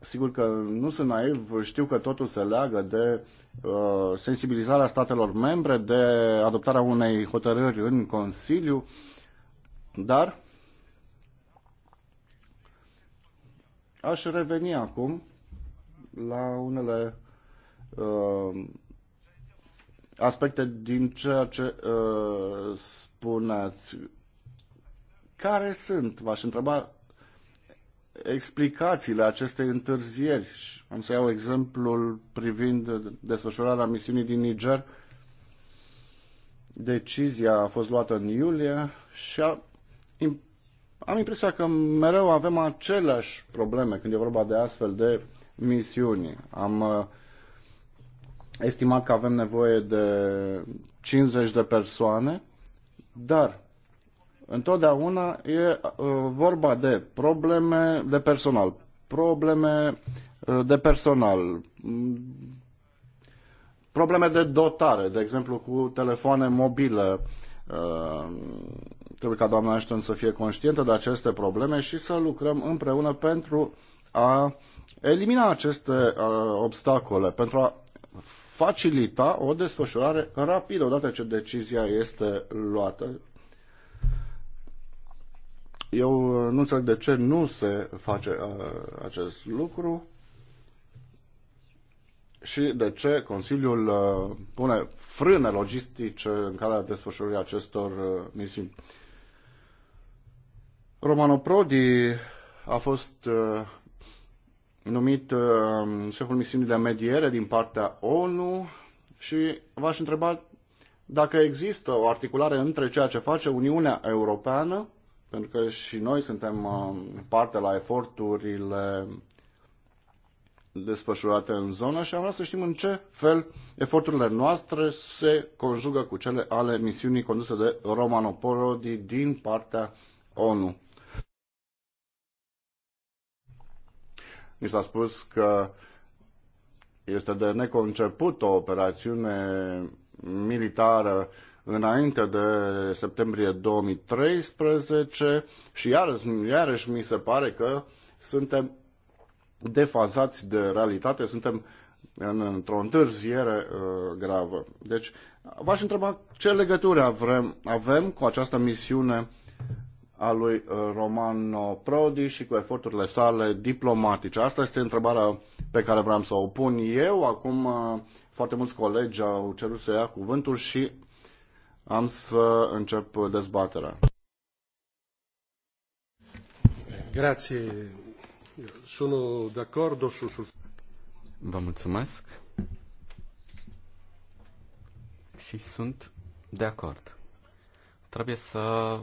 Sigur că nu sunt naiv, știu că totul se leagă de uh, sensibilizarea statelor membre, de adoptarea unei hotărâri în Consiliu, dar aș reveni acum la unele uh, aspecte din ceea ce uh, spuneați. Care sunt, v-aș întreba, explicațiile acestei întârzieri. Am să iau exemplul privind desfășurarea misiunii din Niger. Decizia a fost luată în iulie și a, am impresia că mereu avem aceleași probleme când e vorba de astfel de misiuni. Am uh, estimat că avem nevoie de 50 de persoane, dar Întotdeauna e uh, vorba de probleme de personal, probleme uh, de personal, probleme de dotare, de exemplu cu telefoane mobile. Uh, trebuie ca doamna Ashton să fie conștientă de aceste probleme și să lucrăm împreună pentru a elimina aceste obstacole, pentru a facilita o desfășurare rapidă odată ce decizia este luată eu uh, nu înțeleg de ce nu se face uh, acest lucru și de ce Consiliul uh, pune frâne logistice în calea desfășurării acestor misiuni. Romano Prodi a fost numit șeful misiunii de mediere din partea ONU și v-aș întreba dacă există o articulare între ceea ce face Uniunea Europeană pentru că și noi suntem uh, parte la eforturile desfășurate în zonă și am vrea să știm în ce fel eforturile noastre se conjugă cu cele ale misiunii conduse de Romanoporodi din partea ONU. Mi s-a spus că este de neconceput o operațiune militară uh, înainte de septembrie 2013 și iarăși, iarăși mi se pare că suntem defazați de realitate, suntem într-o întârziere uh, gravă. Deci, v-aș întreba ce legătură avem, avem cu această misiune a lui uh, Romano Prodi și cu eforturile sale diplomatice. Asta este întrebarea pe care vreau să o pun eu. Acum uh, foarte mulți colegi au cerut să ia cuvântul și am să încep dezbaterea. Grazie. Sono d'accordo su, Vă mulțumesc. Și sunt de acord. Trebuie să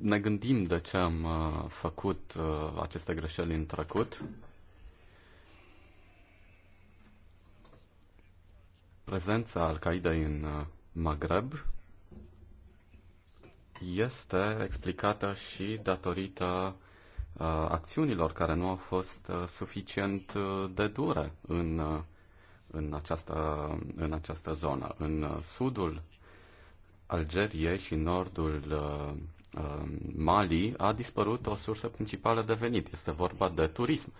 ne gândim de ce am uh, făcut uh, aceste greșeli în trecut. Prezența Al-Qaeda în uh, Maghreb este explicată și datorită uh, acțiunilor care nu au fost uh, suficient uh, de dure în, uh, în, această, în această zonă. În uh, sudul Algeriei și nordul uh, uh, Mali a dispărut o sursă principală de venit. Este vorba de turism.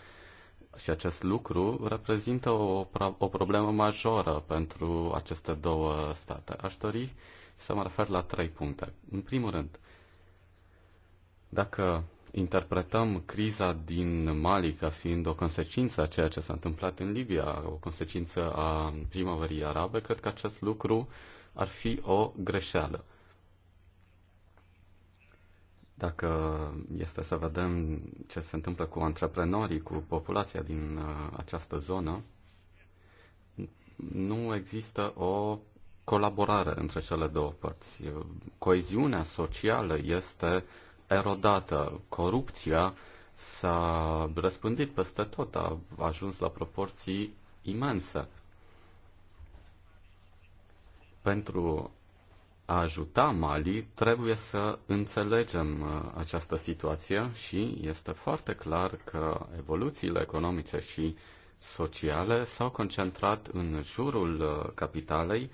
Și acest lucru reprezintă o, o problemă majoră pentru aceste două state. Aș dori uh, să mă refer la trei puncte. În primul rând, dacă interpretăm criza din Mali ca fiind o consecință a ceea ce s-a întâmplat în Libia, o consecință a primăverii arabe, cred că acest lucru ar fi o greșeală. Dacă este să vedem ce se întâmplă cu antreprenorii, cu populația din uh, această zonă, nu există o colaborare între cele două părți. Coeziunea socială este erodată, corupția s-a răspândit peste tot, a ajuns la proporții imense. Pentru a ajuta Mali, trebuie să înțelegem uh, această situație și este foarte clar că evoluțiile economice și sociale s-au concentrat în jurul uh, capitalei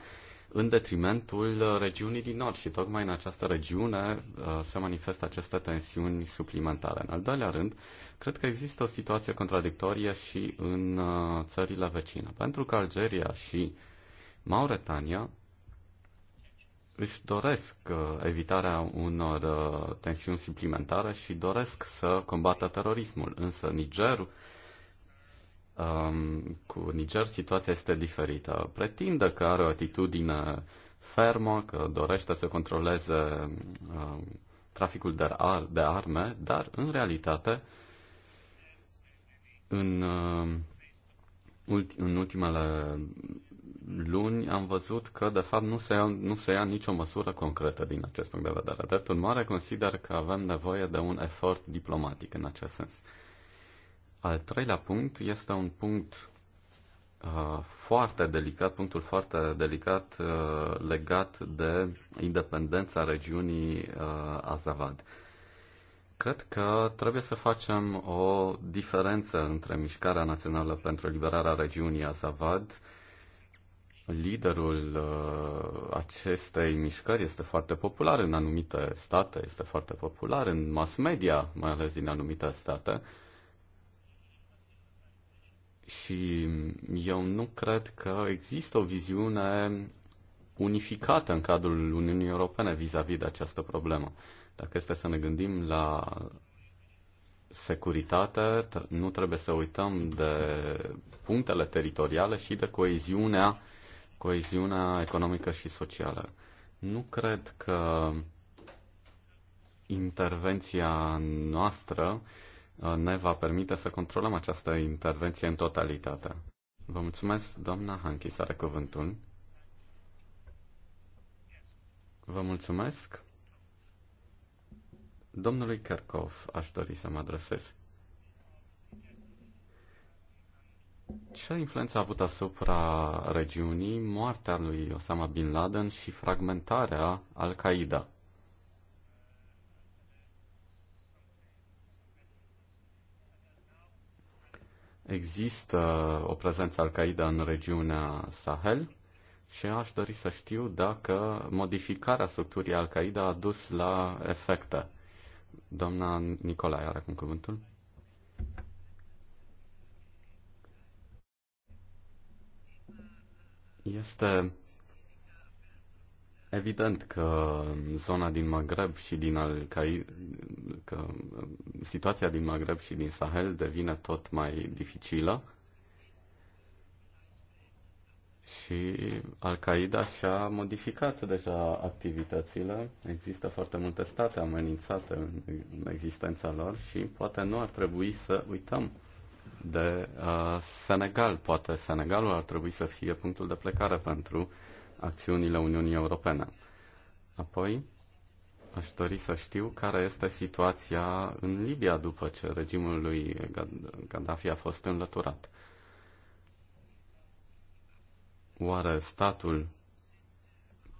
în detrimentul uh, regiunii din nord și tocmai în această regiune uh, se manifestă aceste tensiuni suplimentare. În al doilea rând, cred că există o situație contradictorie și în uh, țările vecine, pentru că Algeria și Mauretania își doresc evitarea unor tensiuni suplimentare și doresc să combată terorismul, însă Nigerul um, cu Niger situația este diferită. Pretindă că are o atitudine fermă, că dorește să controleze um, traficul de, ar- de arme, dar în realitate în, um, ulti- în ultimele luni am văzut că, de fapt, nu se, ia, nu se ia nicio măsură concretă din acest punct de vedere. Drept mare consider că avem nevoie de un efort diplomatic în acest sens. Al treilea punct este un punct uh, foarte delicat, punctul foarte delicat uh, legat de independența regiunii uh, Azavad. Cred că trebuie să facem o diferență între Mișcarea Națională pentru Liberarea Regiunii Azavad. Liderul uh, acestei mișcări este foarte popular în anumite state, este foarte popular în mass media, mai ales din anumite state. Și eu nu cred că există o viziune unificată în cadrul Uniunii Europene vis-a-vis -vis de această problemă. Dacă este să ne gândim la securitate, nu trebuie să uităm de punctele teritoriale și de coeziunea, coeziunea economică și socială. Nu cred că intervenția noastră Uh, ne va permite să controlăm această intervenție în totalitate. Vă mulțumesc, doamna Hanchi, să are cuvântul. Vă mulțumesc. Domnului Kerkov aș dori să mă adresez. Ce influență a avut asupra regiunii moartea lui Osama Bin Laden și fragmentarea Al-Qaeda? Există o prezență Al-Qaeda în regiunea Sahel și aș dori să știu dacă modificarea structurii Al-Qaeda a dus la efecte. Doamna Nicolae are acum cuvântul. Este Evident că zona din Maghreb și din al că situația din Maghreb și din Sahel devine tot mai dificilă și Al-Qaeda și-a modificat deja activitățile. Există foarte multe state amenințate în existența lor și poate nu ar trebui să uităm de uh, Senegal. Poate Senegalul ar trebui să fie punctul de plecare pentru uh, acțiunile Uniunii Europene. Apoi, aș dori să știu care este situația în Libia după ce regimul lui Gaddafi a fost înlăturat. Oare statul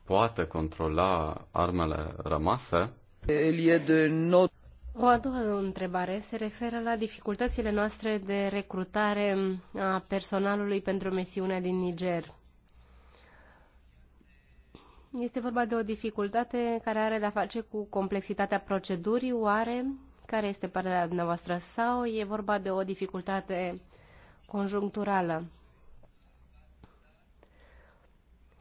poate controla armele rămase? O a doua întrebare se referă la dificultățile noastre de recrutare a personalului pentru misiunea din Niger. Este vorba de o dificultate care are de-a face cu complexitatea procedurii, oare? Care este părerea dumneavoastră? Sau e vorba de o dificultate conjuncturală?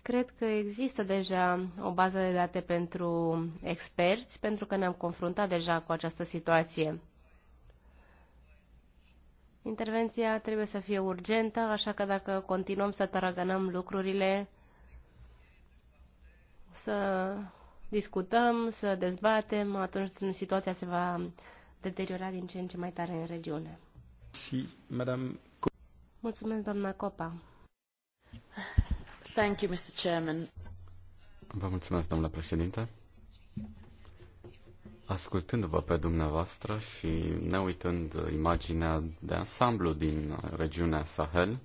Cred că există deja o bază de date pentru experți, pentru că ne-am confruntat deja cu această situație. Intervenția trebuie să fie urgentă, așa că dacă continuăm să tărăgănăm lucrurile, să discutăm, să dezbatem atunci când situația se va deteriora din ce în ce mai tare în regiune. Si, madame... Mulțumesc, doamna Copa. Thank you, Mr. Chairman. Vă mulțumesc, doamna președinte. Ascultându-vă pe dumneavoastră și ne uitând imaginea de ansamblu din regiunea Sahel,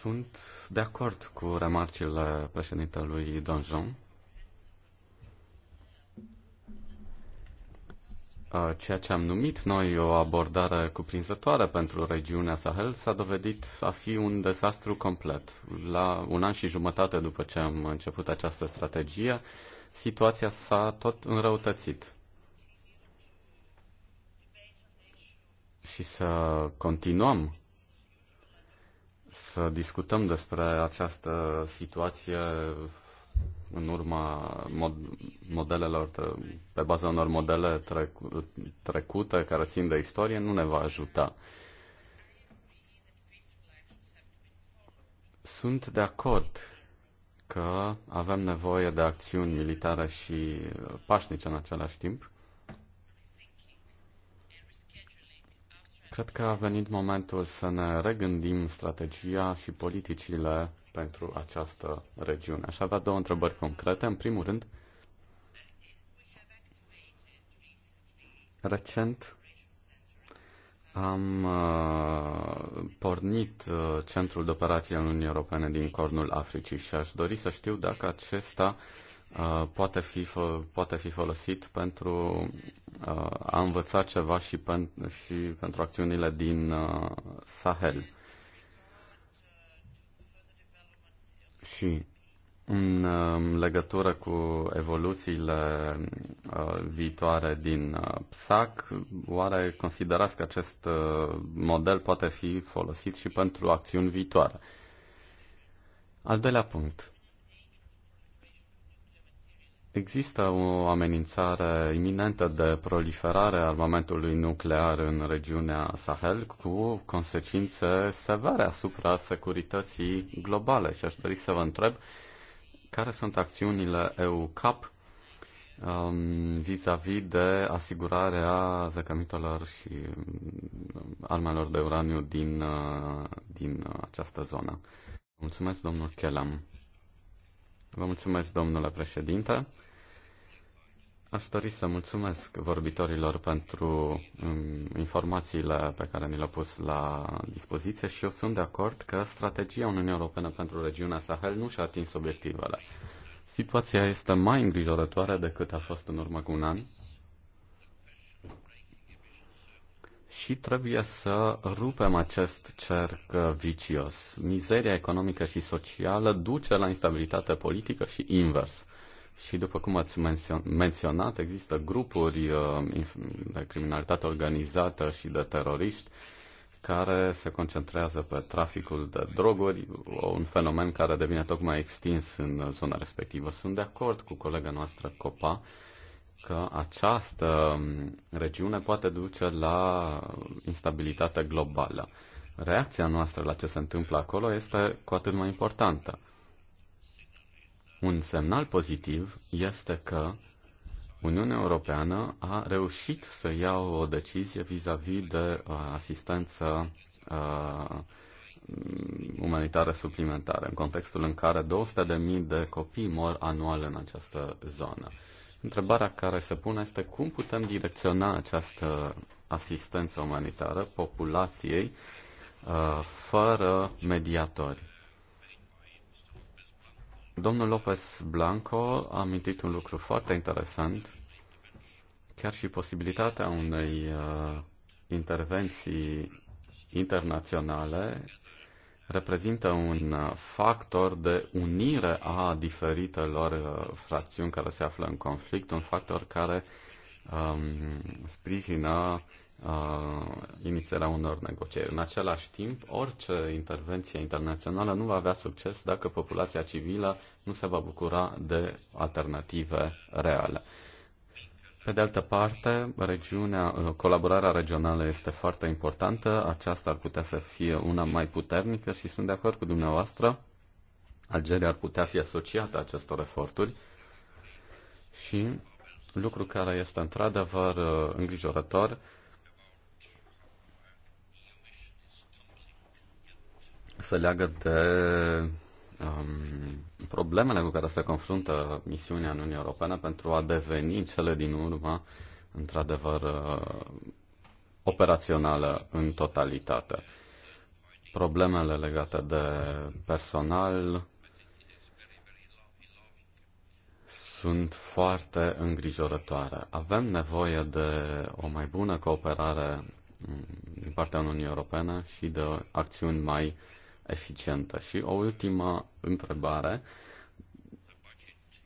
sunt de acord cu remarcile președintelui Donjon. Uh, ceea ce am numit noi o abordare cuprinzătoare pentru regiunea Sahel s-a dovedit a fi un dezastru complet. La un an și jumătate după ce am început această strategie, situația s-a tot înrăutățit. Și să continuăm să discutăm despre această situație în urma mod, modelelor, pe baza unor modele trec, trecute care țin de istorie, nu ne va ajuta. Sunt de acord că avem nevoie de acțiuni militare și pașnice în același timp, Cred că a venit momentul să ne regândim strategia și politicile pentru această regiune. Aș avea două întrebări concrete. În primul rând, recent am uh, pornit uh, centrul de operații al Uniunii Europene din Cornul Africii și aș dori să știu dacă acesta Uh, poate fi, poate fi folosit pentru uh, a învăța ceva și, pen, și pentru acțiunile din uh, Sahel. Și în um, legătură cu evoluțiile viitoare din PSAC, oare considerați că acest model poate fi folosit și pentru acțiuni viitoare? Al doilea punct. Există o amenințare iminentă de proliferare a armamentului nuclear în regiunea Sahel cu consecințe severe asupra securității globale și aș dori să vă întreb care sunt acțiunile EU um, vis-a-vis de asigurarea zăcămitelor și um, armelor de uraniu din, uh, din această zonă. Mulțumesc, domnul Chelam. Vă mulțumesc, domnule președinte. Aș dori să mulțumesc vorbitorilor pentru um, informațiile pe care ni le-au pus la dispoziție și eu sunt de acord că strategia Uniunii Europene pentru regiunea Sahel nu și-a atins obiectivele. Situația este mai îngrijorătoare decât a fost în urmă cu un an și trebuie să rupem acest cerc vicios. Mizeria economică și socială duce la instabilitate politică și invers și după cum ați menționat, există grupuri uh, de criminalitate organizată și de teroriști care se concentrează pe traficul de droguri, un fenomen care devine tocmai extins în zona respectivă. Sunt de acord cu colega noastră Copa că această regiune poate duce la instabilitate globală. Reacția noastră la ce se întâmplă acolo este cu atât mai importantă. Un semnal pozitiv este că Uniunea Europeană a reușit să ia o decizie vis-a-vis -vis de uh, asistență uh, umanitară suplimentară, în contextul în care 200.000 de copii mor anual în această zonă. Întrebarea care se pune este cum putem direcționa această asistență umanitară populației uh, fără mediatori. Domnul Lopez Blanco a amintit un lucru foarte interesant, chiar și posibilitatea unei uh, intervenții internaționale reprezintă un uh, factor de unire a diferitelor uh, fracțiuni care se află în conflict, un factor care um, sprijină uh, inițierea unor negocieri. În același timp, orice intervenție internațională nu va avea succes dacă populația civilă nu se va bucura de alternative reale. Pe de altă parte, regiunea, uh, colaborarea regională este foarte importantă, aceasta ar putea să fie una mai puternică și sunt de acord cu dumneavoastră, Algeria ar putea fi asociată acestor eforturi și lucru care este într-adevăr uh, îngrijorător, se leagă de um, problemele cu care se confruntă misiunea în Uniunea Europeană pentru a deveni cele din urmă, într-adevăr, uh, operațională în totalitate. Problemele legate de personal sunt foarte îngrijorătoare. Avem nevoie de o mai bună cooperare mm, din partea Uniunii Europene și de acțiuni mai uh, eficientă. Și o ultimă întrebare.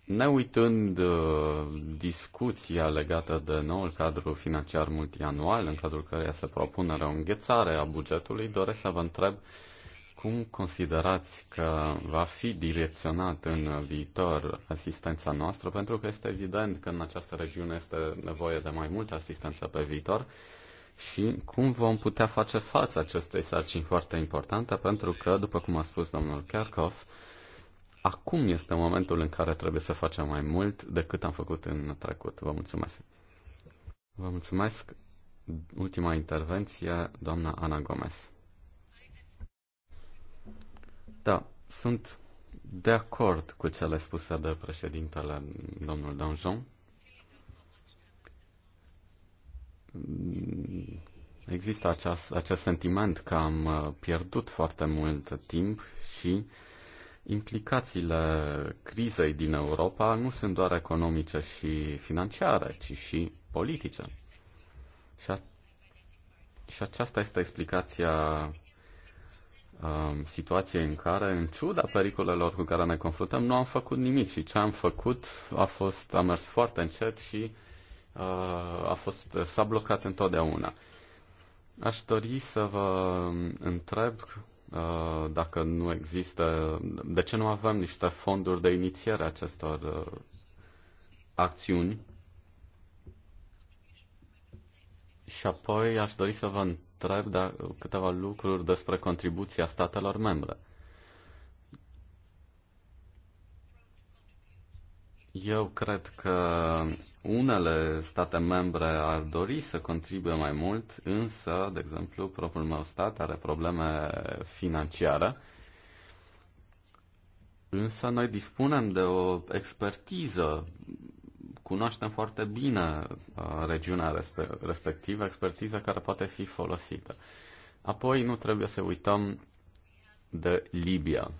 Ne uitând uh, discuția legată de noul cadru financiar multianual, în cadrul căreia se propune o înghețare a bugetului, doresc să vă întreb cum considerați că va fi direcționat în viitor asistența noastră? Pentru că este evident că în această regiune este nevoie de mai multă asistență pe viitor și cum vom putea face față acestei sarcini foarte importante, pentru că, după cum a spus domnul Kerkhoff, acum este momentul în care trebuie să facem mai mult decât am făcut în trecut. Vă mulțumesc! Vă mulțumesc! Ultima intervenție, doamna Ana Gomez. Da, sunt de acord cu cele spuse de președintele domnul Danjon. există aceast, acest sentiment că am uh, pierdut foarte mult timp și implicațiile crizei din Europa nu sunt doar economice și financiare, ci și politice. Și, a, și aceasta este explicația um, situației în care, în ciuda pericolelor cu care ne confruntăm, nu am făcut nimic și ce am făcut a fost, a mers foarte încet și a fost, s-a blocat întotdeauna. Aș dori să vă întreb dacă nu există, de ce nu avem niște fonduri de inițiere acestor acțiuni și apoi aș dori să vă întreb da, câteva lucruri despre contribuția statelor membre. Eu cred că unele state membre ar dori să contribuie mai mult, însă, de exemplu, propriul meu stat are probleme financiare. Însă noi dispunem de o expertiză, cunoaștem foarte bine uh, regiunea respectivă, expertiză care poate fi folosită. Apoi nu trebuie să uităm de Libia.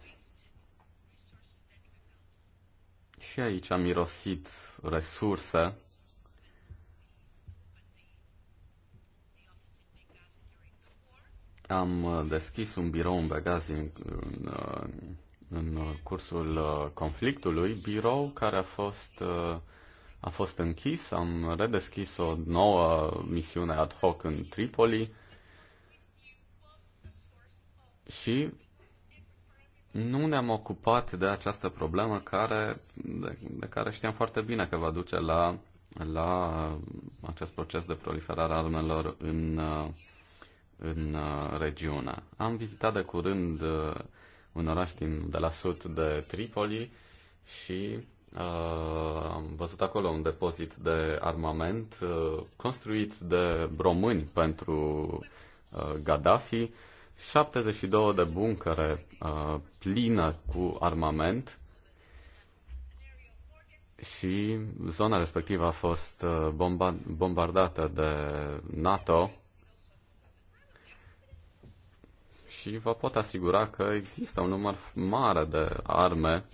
Și aici am mirosit resurse Am uh, deschis un birou în Begazin în, în uh, cursul uh, conflictului, birou care a fost, a fost închis, am redeschis o nouă misiune ad hoc în Tripoli și nu ne-am ocupat de această problemă care, de, de care știam foarte bine că va duce la, la acest proces de proliferare a armelor în, în regiune. Am vizitat de curând uh, un oraș din, de la sud de Tripoli și uh, am văzut acolo un depozit de armament uh, construit de români pentru uh, Gaddafi. Uh, 72 de buncăre uh, plină cu armament și zona respectivă a fost uh, bomba- bombardată de NATO și vă pot asigura că există un număr mare de arme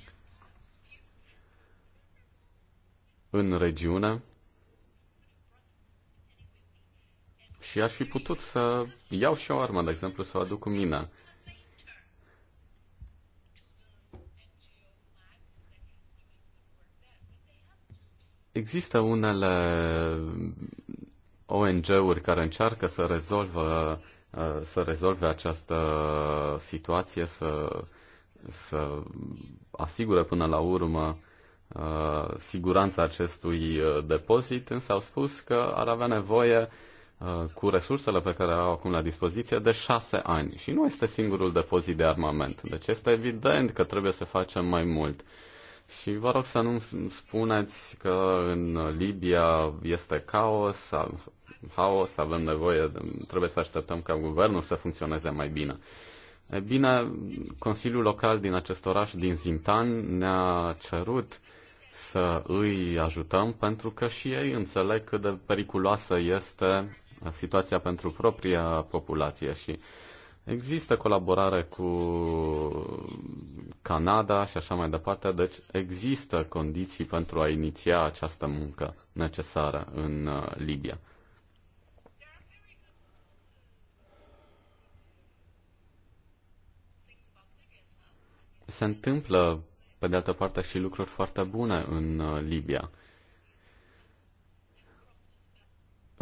în regiune și aș fi putut să iau și o armă, de exemplu, să o aduc cu mine. Există unele ONG-uri care încearcă să rezolvă să rezolve această situație, să, să asigure până la urmă uh, siguranța acestui uh, depozit, însă au spus că ar avea nevoie Uh, cu resursele pe care au acum la dispoziție de șase ani. Și nu este singurul depozit de armament. Deci este evident că trebuie să facem mai mult. Și vă rog să nu spuneți că în Libia este caos, haos, avem nevoie, trebuie să așteptăm ca guvernul să funcționeze mai bine. E bine, Consiliul Local din acest oraș, din Zintan, ne-a cerut să îi ajutăm pentru că și ei înțeleg cât de periculoasă este situația pentru propria populație și există colaborare cu Canada și așa mai departe, deci există condiții pentru a iniția această muncă necesară în uh, Libia. Se întâmplă, pe de altă parte, și lucruri foarte bune în uh, Libia.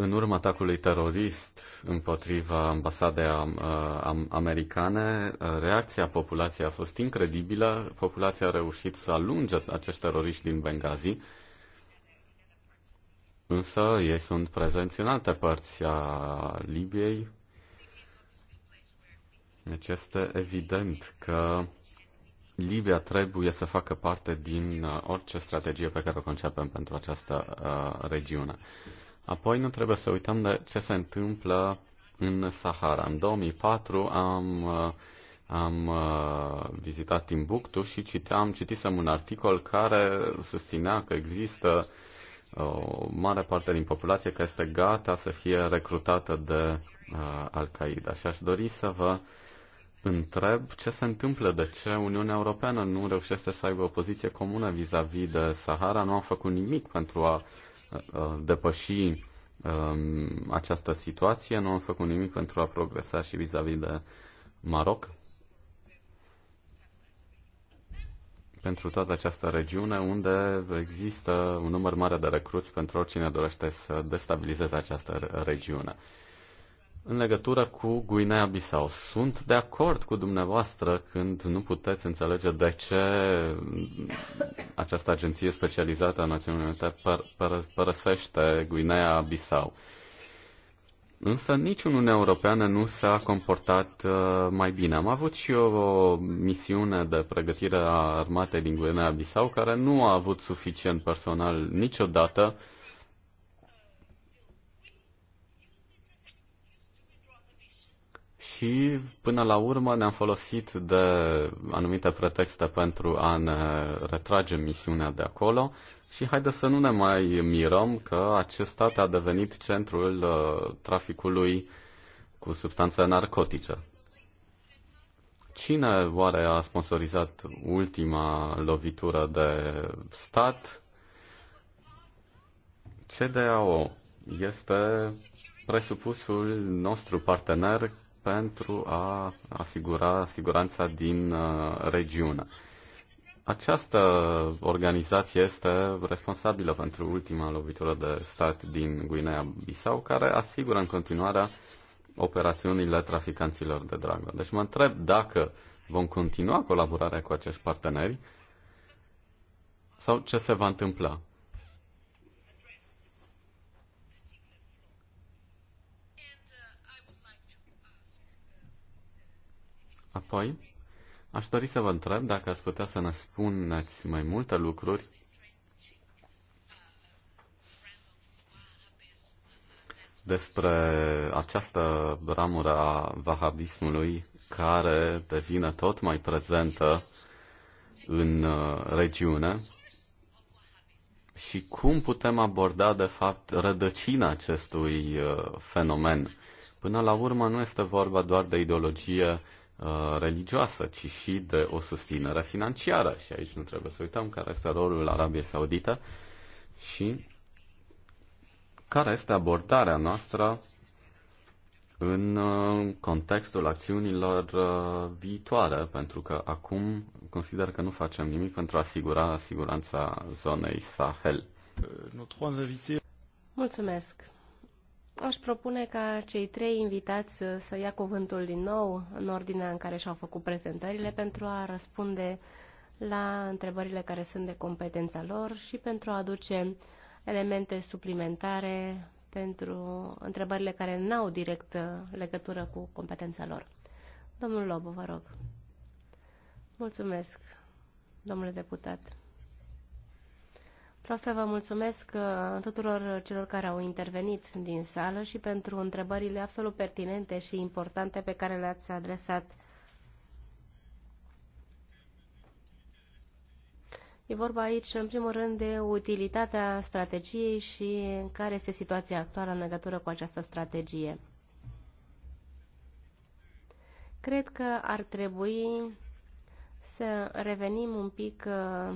În urma atacului terorist împotriva ambasadei uh, americane, uh, reacția populației a fost incredibilă. Populația a reușit să alunge acești teroriști din Benghazi, însă ei sunt prezenți în alte părți a Libiei. Deci este evident că Libia trebuie să facă parte din uh, orice strategie pe care o concepem pentru această uh, regiune. Apoi nu trebuie să uităm de ce se întâmplă în Sahara. În 2004 am, uh, am uh, vizitat Timbuktu și citeam, citisem un articol care susținea că există uh, o mare parte din populație care este gata să fie recrutată de uh, Al-Qaeda. Și aș dori să vă întreb ce se întâmplă, de ce Uniunea Europeană nu reușește să aibă o poziție comună vis-a-vis -vis de Sahara, nu a făcut nimic pentru a Uh, depăși um, această situație. Nu am făcut nimic pentru a progresa și vis-a-vis -vis de Maroc. Pentru toată această regiune unde există un număr mare de recruți pentru oricine dorește să destabilizeze această regiune în legătură cu Guinea-Bissau. Sunt de acord cu dumneavoastră când nu puteți înțelege de ce această agenție specializată a Națiunilor Unite păr- păr- părăsește Guinea-Bissau. Însă nici Uniunea Europeană nu s-a comportat uh, mai bine. Am avut și o misiune de pregătire a armatei din Guinea-Bissau care nu a avut suficient personal niciodată și până la urmă ne-am folosit de anumite pretexte pentru a ne retrage misiunea de acolo și haide să nu ne mai mirăm că acest stat a devenit centrul uh, traficului cu substanțe narcotice. Cine oare a sponsorizat ultima lovitură de stat? CDAO este presupusul nostru partener pentru a asigura siguranța din uh, regiune. Această organizație este responsabilă pentru ultima lovitură de stat din Guinea-Bissau, care asigură în continuare operațiunile traficanților de dragă. Deci mă întreb dacă vom continua colaborarea cu acești parteneri sau ce se va întâmpla. Apoi, aș dori să vă întreb dacă ați putea să ne spuneți mai multe lucruri despre această ramură a vahabismului care devine tot mai prezentă în uh, regiune și cum putem aborda, de fapt, rădăcina acestui uh, fenomen. Până la urmă, nu este vorba doar de ideologie Uh, religioasă, ci și de o susținere financiară. Și aici nu trebuie să uităm care este rolul Arabiei Saudite și care este abordarea noastră în uh, contextul acțiunilor uh, viitoare, pentru că acum consider că nu facem nimic pentru a asigura siguranța zonei Sahel. Mulțumesc! Aș propune ca cei trei invitați să ia cuvântul din nou în ordinea în care și-au făcut prezentările pentru a răspunde la întrebările care sunt de competența lor și pentru a aduce elemente suplimentare pentru întrebările care n-au direct uh, legătură cu competența lor. Domnul Lobo, vă rog. Mulțumesc, domnule deputat. Vreau să vă mulțumesc uh, tuturor celor care au intervenit din sală și pentru întrebările absolut pertinente și importante pe care le-ați adresat. E vorba aici, în primul rând, de utilitatea strategiei și care este situația actuală în legătură cu această strategie. Cred că ar trebui să revenim un pic uh,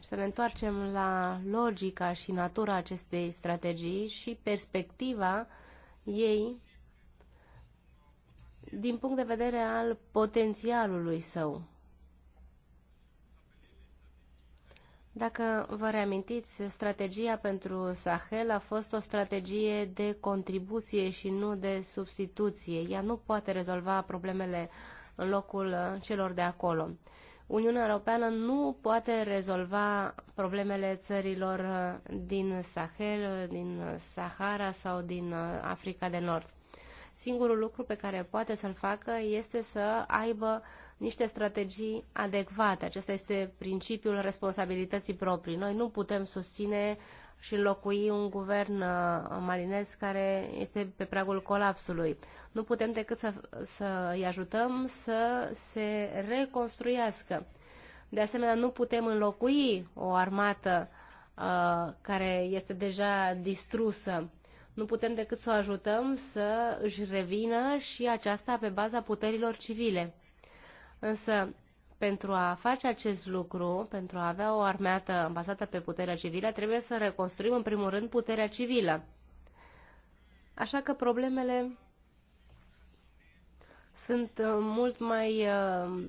să ne întoarcem la logica și natura acestei strategii și perspectiva ei din punct de vedere al potențialului său. Dacă vă reamintiți, strategia pentru Sahel a fost o strategie de contribuție și nu de substituție. Ea nu poate rezolva problemele în locul celor de acolo. Uniunea Europeană nu poate rezolva problemele țărilor uh, din Sahel, uh, din Sahara sau din uh, Africa de Nord. Singurul lucru pe care poate să-l facă este să aibă niște strategii adecvate. Acesta este principiul responsabilității proprii. Noi nu putem susține și înlocui un guvern uh, marinez care este pe pragul colapsului. Nu putem decât să, să îi ajutăm să se reconstruiască. De asemenea, nu putem înlocui o armată uh, care este deja distrusă. Nu putem decât să o ajutăm să își revină și aceasta pe baza puterilor civile. Însă pentru a face acest lucru, pentru a avea o armeată bazată pe puterea civilă, trebuie să reconstruim în primul rând puterea civilă. Așa că problemele sunt uh, mult mai uh,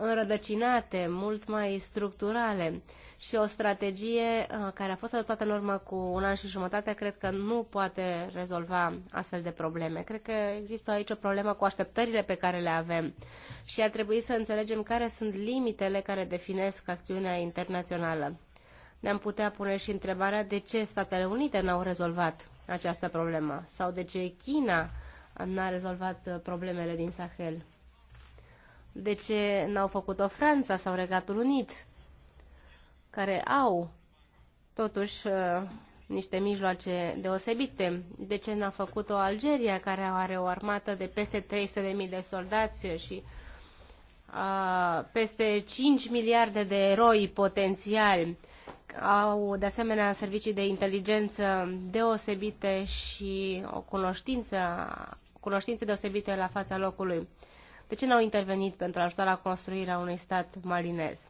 înrădăcinate, mult mai structurale și o strategie uh, care a fost adoptată în urmă cu un an și jumătate, cred că nu poate rezolva astfel de probleme. Cred că există aici o problemă cu așteptările pe care le avem și ar trebui să înțelegem care sunt limitele care definesc acțiunea internațională. Ne-am putea pune și întrebarea de ce Statele Unite n-au rezolvat această problemă sau de ce China n-a rezolvat problemele din Sahel. De ce n-au făcut-o Franța sau Regatul Unit, care au totuși uh, niște mijloace deosebite? De ce n-a făcut-o Algeria, care are o armată de peste 300.000 de soldați și a, uh, peste 5 miliarde de eroi potențiali? Au, de asemenea, servicii de inteligență deosebite și o cunoștință, cunoștințe deosebite la fața locului. De ce n-au intervenit pentru a ajuta la construirea unui stat malinez?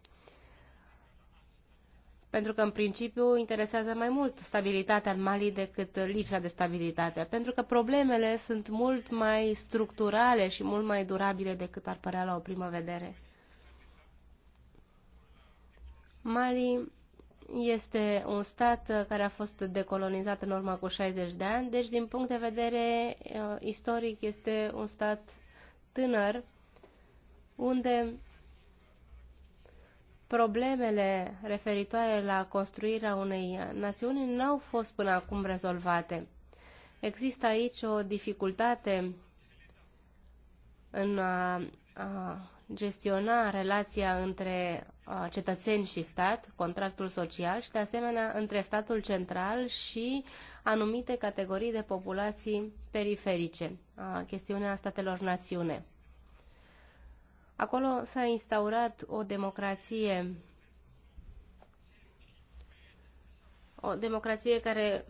Pentru că, în principiu, interesează mai mult stabilitatea în Mali decât lipsa de stabilitate, pentru că problemele sunt mult mai structurale și mult mai durabile decât ar părea la o primă vedere. Mali este un stat care a fost decolonizat în urmă cu 60 de ani, deci din punct de vedere uh, istoric este un stat tânăr, unde problemele referitoare la construirea unei națiuni n-au fost până acum rezolvate. Există aici o dificultate în a, a gestiona relația între a, cetățeni și stat, contractul social și, de asemenea, între statul central și anumite categorii de populații periferice, a chestiunea statelor națiune. Acolo s-a instaurat o democrație o democrație care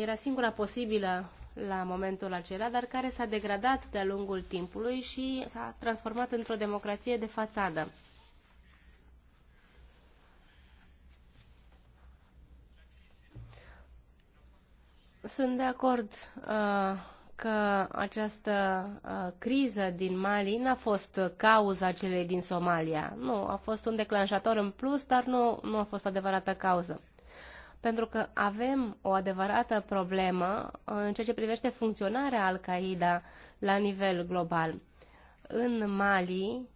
era singura posibilă la momentul acela, dar care s-a degradat de-a lungul timpului și s-a transformat într-o democrație de fațadă. Sunt de acord uh, că această uh, criză din Mali n-a fost cauza celei din Somalia. Nu, a fost un declanșator în plus, dar nu, nu a fost adevărată cauză. Pentru că avem o adevărată problemă uh, în ceea ce privește funcționarea Al-Qaeda la nivel global. În Mali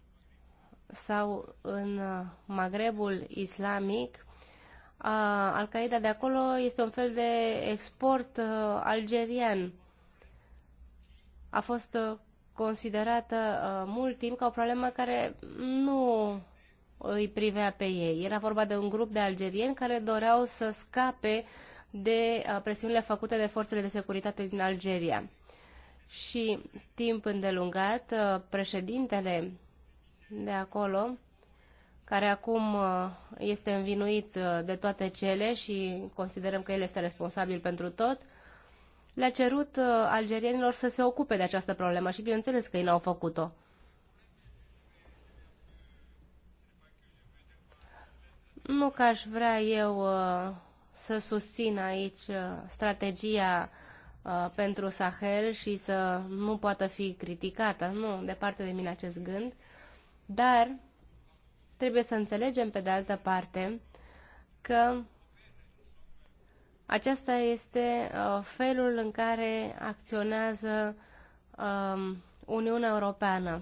sau în uh, Magrebul islamic, al-Qaeda de acolo este un fel de export uh, algerian. A fost uh, considerată uh, mult timp ca o problemă care nu îi privea pe ei. Era vorba de un grup de algerieni care doreau să scape de uh, presiunile făcute de forțele de securitate din Algeria. Și timp îndelungat, uh, președintele de acolo, care acum uh, este învinuit uh, de toate cele și considerăm că el este responsabil pentru tot, le-a cerut uh, algerienilor să se ocupe de această problemă și bineînțeles că ei n-au făcut-o. Nu că aș vrea eu să susțin aici strategia pentru Sahel și să nu poată fi criticată, nu, departe de mine acest gând, dar trebuie să înțelegem, pe de altă parte, că acesta este uh, felul în care acționează uh, Uniunea Europeană.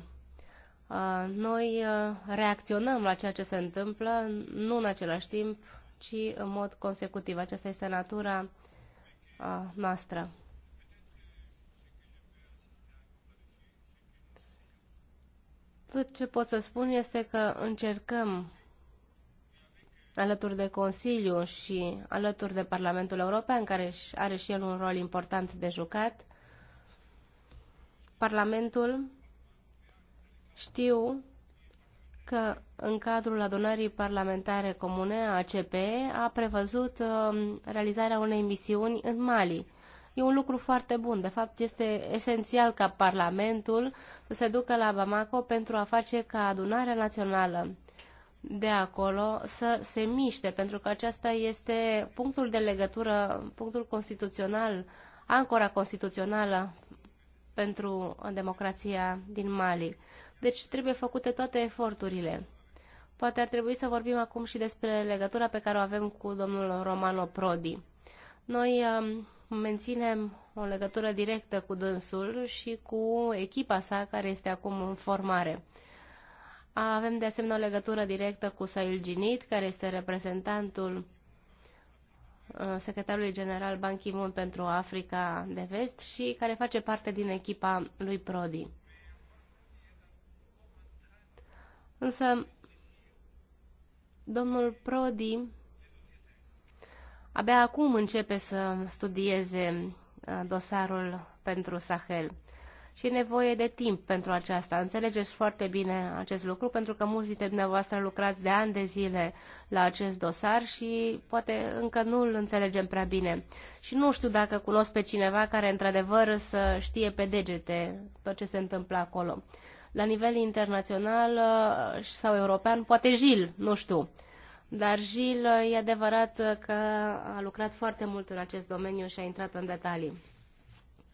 Uh, noi uh, reacționăm la ceea ce se întâmplă, nu în același timp, ci în mod consecutiv. Aceasta este natura uh, noastră. Atât ce pot să spun este că încercăm alături de Consiliu și alături de Parlamentul European, care are și el un rol important de jucat, Parlamentul știu că în cadrul adunării parlamentare comune ACP a prevăzut um, realizarea unei misiuni în Mali. E un lucru foarte bun. De fapt, este esențial ca Parlamentul să se ducă la Bamako pentru a face ca adunarea națională de acolo să se miște, pentru că aceasta este punctul de legătură, punctul constituțional, ancora constituțională pentru democrația din Mali. Deci trebuie făcute toate eforturile. Poate ar trebui să vorbim acum și despre legătura pe care o avem cu domnul Romano Prodi. Noi um, menținem o legătură directă cu dânsul și cu echipa sa care este acum în formare. Avem de asemenea o legătură directă cu Sail Ginit, care este reprezentantul uh, secretarului general Ban Ki-moon pentru Africa de Vest și care face parte din echipa lui Prodi. Însă, domnul Prodi abia acum începe să studieze uh, dosarul pentru Sahel. Și e nevoie de timp pentru aceasta. Înțelegeți foarte bine acest lucru, pentru că mulți dintre dumneavoastră lucrați de ani de zile la acest dosar și poate încă nu îl înțelegem prea bine. Și nu știu dacă cunosc pe cineva care într-adevăr să știe pe degete tot ce se întâmplă acolo. La nivel internațional uh, sau european, poate Jil, nu știu dar Gil, e adevărat că a lucrat foarte mult în acest domeniu și a intrat în detalii.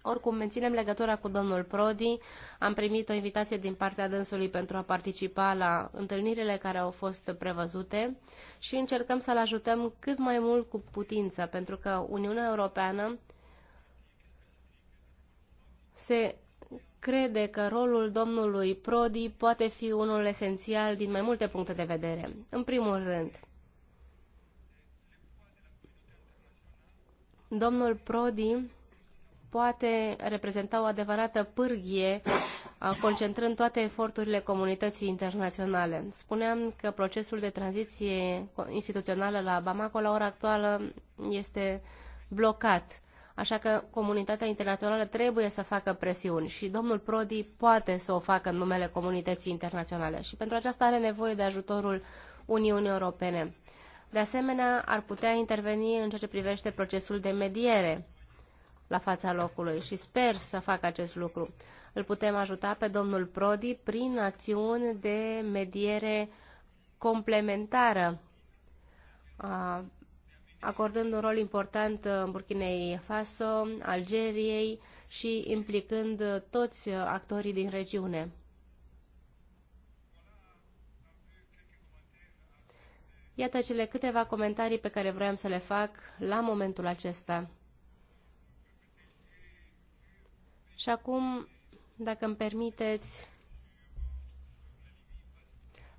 Oricum, menținem legătura cu domnul Prodi. Am primit o invitație din partea dânsului pentru a participa la întâlnirile care au fost prevăzute și încercăm să-l ajutăm cât mai mult cu putință, pentru că Uniunea Europeană se crede că rolul domnului Prodi poate fi unul esențial din mai multe puncte de vedere. În primul rând, domnul Prodi poate reprezenta o adevărată pârghie, concentrând toate eforturile comunității internaționale. Spuneam că procesul de tranziție instituțională la Bamako la ora actuală este blocat Așa că comunitatea internațională trebuie să facă presiuni și domnul Prodi poate să o facă în numele comunității internaționale și pentru aceasta are nevoie de ajutorul Uniunii Europene. De asemenea, ar putea interveni în ceea ce privește procesul de mediere la fața locului și sper să facă acest lucru. Îl putem ajuta pe domnul Prodi prin acțiuni de mediere complementară acordând un rol important uh, Burkinei Faso, Algeriei și implicând uh, toți uh, actorii din regiune. Iată cele câteva comentarii pe care vroiam să le fac la momentul acesta. Și acum, dacă îmi permiteți,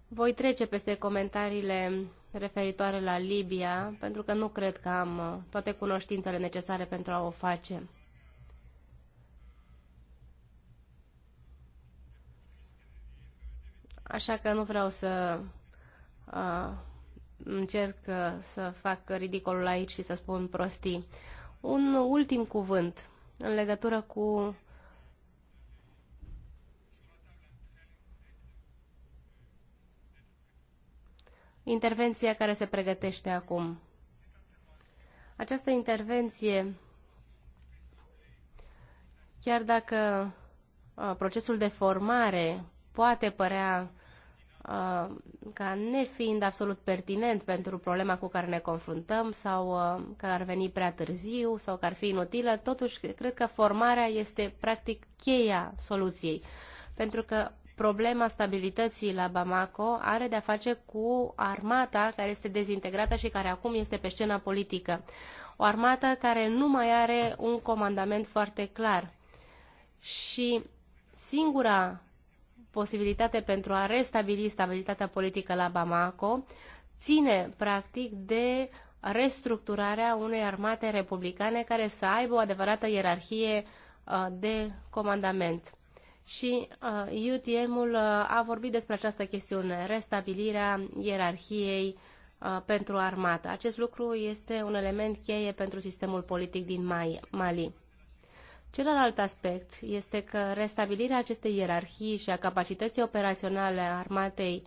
voi trece peste comentariile referitoare la Libia, pentru că nu cred că am uh, toate cunoștințele necesare pentru a o face. Așa că nu vreau să uh, încerc uh, să fac ridicolul aici și să spun prostii. Un ultim cuvânt în legătură cu intervenția care se pregătește acum. Această intervenție, chiar dacă uh, procesul de formare poate părea uh, ca nefiind absolut pertinent pentru problema cu care ne confruntăm sau uh, că ar veni prea târziu sau că ar fi inutilă, totuși cred că formarea este practic cheia soluției. Pentru că problema stabilității la Bamako are de-a face cu armata care este dezintegrată și care acum este pe scena politică. O armată care nu mai are un comandament foarte clar. Și singura posibilitate pentru a restabili stabilitatea politică la Bamako ține, practic, de restructurarea unei armate republicane care să aibă o adevărată ierarhie uh, de comandament și uh, UTM-ul uh, a vorbit despre această chestiune, restabilirea ierarhiei uh, pentru armată. Acest lucru este un element cheie pentru sistemul politic din Mali. Celălalt aspect este că restabilirea acestei ierarhii și a capacității operaționale a armatei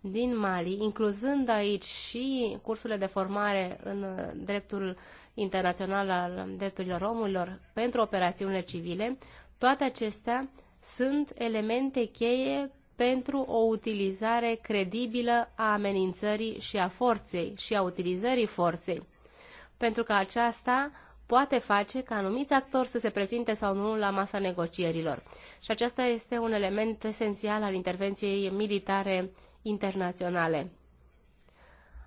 din Mali, incluzând aici și cursurile de formare în uh, dreptul internațional al drepturilor omului pentru operațiunile civile, toate acestea sunt elemente cheie pentru o utilizare credibilă a amenințării și a forței și a utilizării forței, pentru că aceasta poate face ca anumiți actori să se prezinte sau nu la masa negocierilor. Și acesta este un element esențial al intervenției militare internaționale.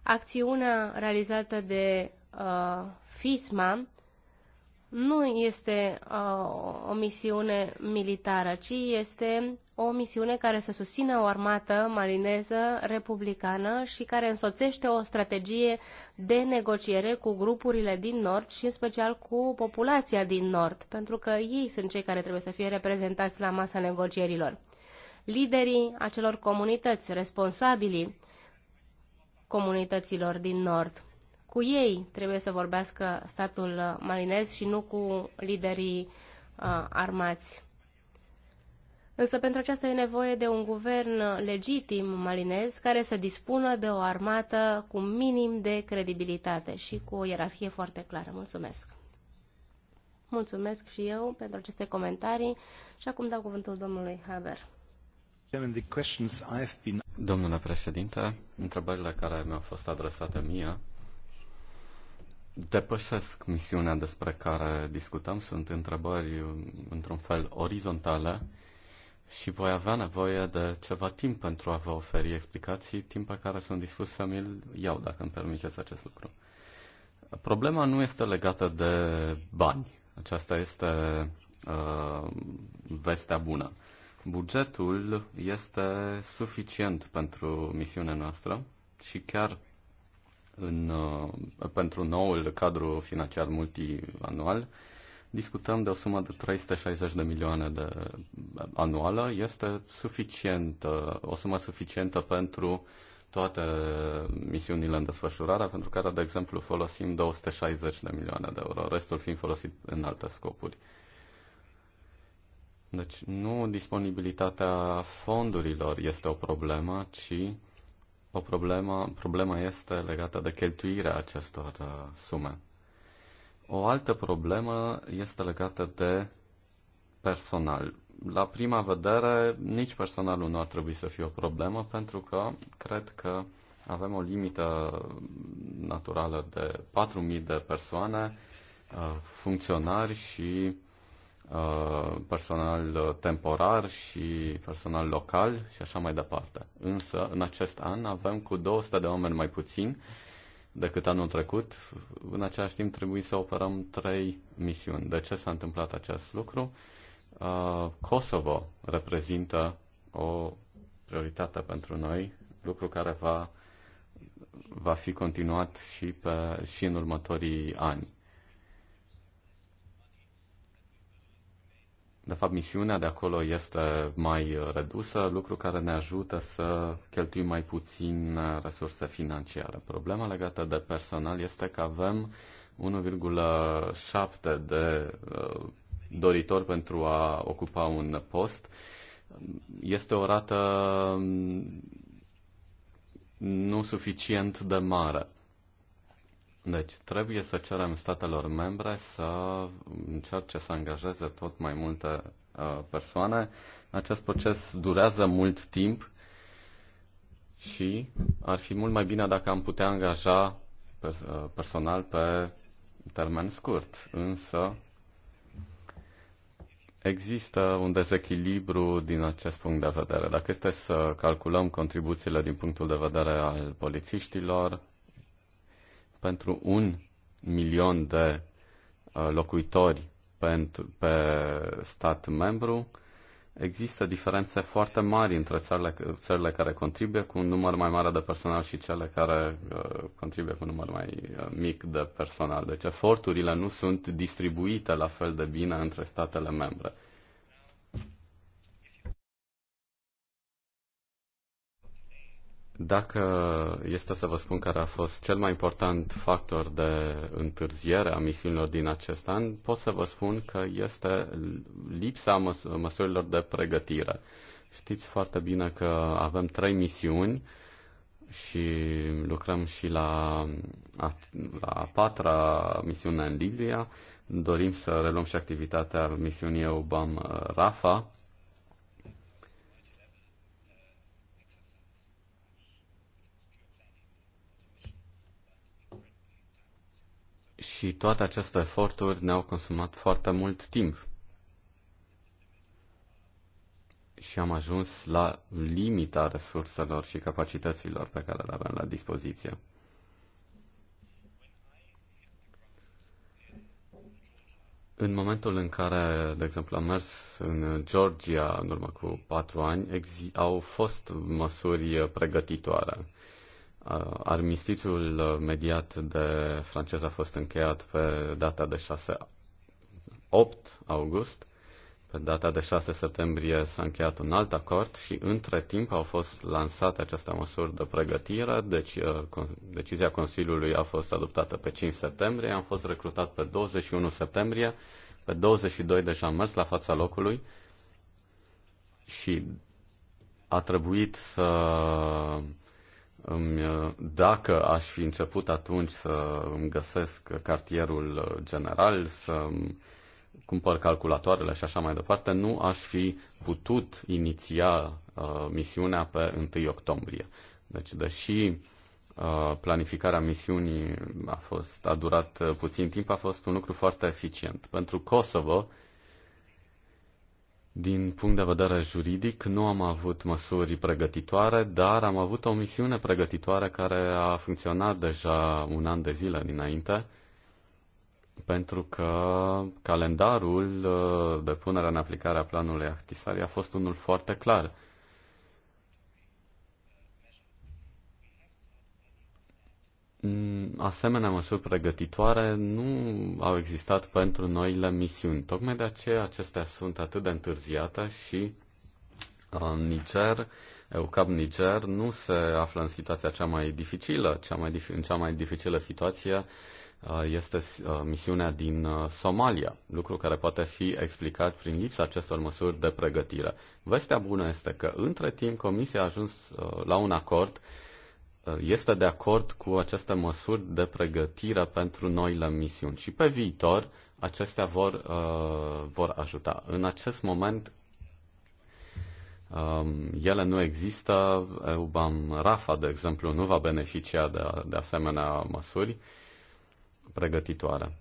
Acțiunea realizată de uh, FISMA nu este uh, o misiune militară, ci este o misiune care să susțină o armată marineză republicană și care însoțește o strategie de negociere cu grupurile din Nord și în special cu populația din Nord, pentru că ei sunt cei care trebuie să fie reprezentați la masa negocierilor. Liderii acelor comunități, responsabilii comunităților din Nord. Cu ei trebuie să vorbească statul malinez și nu cu liderii uh, armați. Însă pentru aceasta e nevoie de un guvern legitim malinez care să dispună de o armată cu minim de credibilitate și cu o ierarhie foarte clară. Mulțumesc! Mulțumesc și eu pentru aceste comentarii și acum dau cuvântul domnului Haber. Domnule președinte, întrebările care mi-au fost adresate mie depășesc misiunea despre care discutăm. Sunt întrebări, într-un fel, orizontale și voi avea nevoie de ceva timp pentru a vă oferi explicații, timp pe care sunt dispus să mi-l iau, dacă îmi permiteți acest lucru. Problema nu este legată de bani. Aceasta este uh, vestea bună. Bugetul este suficient pentru misiunea noastră și chiar în, uh, pentru noul cadru financiar multianual, discutăm de o sumă de 360 de milioane de anuală. Este suficientă, o sumă suficientă pentru toate misiunile în desfășurare, pentru care, de exemplu, folosim 260 de milioane de euro, restul fiind folosit în alte scopuri. Deci nu disponibilitatea fondurilor este o problemă, ci o problemă, problema este legată de cheltuirea acestor uh, sume. O altă problemă este legată de personal. La prima vedere, nici personalul nu ar trebui să fie o problemă, pentru că cred că avem o limită naturală de 4.000 de persoane, uh, funcționari și Uh, personal uh, temporar și personal local și așa mai departe. Însă, în acest an avem cu 200 de oameni mai puțin decât anul trecut. În același timp trebuie să operăm trei misiuni. De ce s-a întâmplat acest lucru? Uh, Kosovo reprezintă o prioritate pentru noi, lucru care va, va fi continuat și, pe, și în următorii ani. De fapt, misiunea de acolo este mai uh, redusă, lucru care ne ajută să cheltuim mai puțin resurse financiare. Problema legată de personal este că avem 1,7 de uh, doritori pentru a ocupa un post. Este o rată mm, nu suficient de mare. Deci trebuie să cerem statelor membre să încerce să angajeze tot mai multe uh, persoane. Acest proces durează mult timp și ar fi mult mai bine dacă am putea angaja uh, personal pe termen scurt. Însă există un dezechilibru din acest punct de vedere. Dacă este să calculăm contribuțiile din punctul de vedere al polițiștilor, pentru un milion de uh, locuitori pentru, pe stat membru, există diferențe foarte mari între țările, țările care contribuie cu un număr mai mare de personal și cele care uh, contribuie cu un număr mai uh, mic de personal. Deci eforturile nu sunt distribuite la fel de bine între statele membre. Dacă este să vă spun care a fost cel mai important factor de întârziere a misiunilor din acest an, pot să vă spun că este lipsa măs- măsurilor de pregătire. Știți foarte bine că avem trei misiuni și lucrăm și la a, la a patra misiune în Libia. Dorim să reluăm și activitatea misiunii EUBAM uh, Rafa Și toate aceste eforturi ne-au consumat foarte mult timp. Și am ajuns la limita resurselor și capacităților pe care le avem la dispoziție. În momentul în care, de exemplu, am mers în Georgia în urmă cu patru ani, au fost măsuri pregătitoare. Armistițiul uh, mediat de francez a fost încheiat pe data de 6 8 august. Pe data de 6 septembrie s-a încheiat un alt acord și între timp au fost lansate aceste măsuri de pregătire, deci uh, decizia Consiliului a fost adoptată pe 5 septembrie, am fost recrutat pe 21 septembrie, pe 22 deja am mers la fața locului și a trebuit să îmi, uh, dacă aș fi început atunci să îmi găsesc cartierul general, să cumpăr calculatoarele și așa mai departe, nu aș fi putut iniția uh, misiunea pe 1 octombrie. Deci, deși uh, planificarea misiunii a, fost, a durat uh, puțin timp, a fost un lucru foarte eficient. Pentru Kosovo, din punct de vedere juridic, nu am avut măsuri pregătitoare, dar am avut o misiune pregătitoare care a funcționat deja un an de zile dinainte, pentru că calendarul uh, de punere în aplicare a planului Ahtisari a fost unul foarte clar. Mm, asemenea măsuri pregătitoare nu au existat pentru noile misiuni. Tocmai de aceea acestea sunt atât de întârziate și uh, Niger, EUCAP Niger nu se află în situația cea mai dificilă. Cea mai, dif- în cea mai dificilă situație uh, este uh, misiunea din Somalia, lucru care poate fi explicat prin lipsa acestor măsuri de pregătire. Vestea bună este că între timp Comisia a ajuns la un acord Uh, este de acord cu aceste măsuri de pregătire pentru noile misiuni și pe viitor acestea vor, uh, vor ajuta. În acest moment um, ele nu există. EUBAM RAFA, de exemplu, nu va beneficia de, de asemenea măsuri pregătitoare.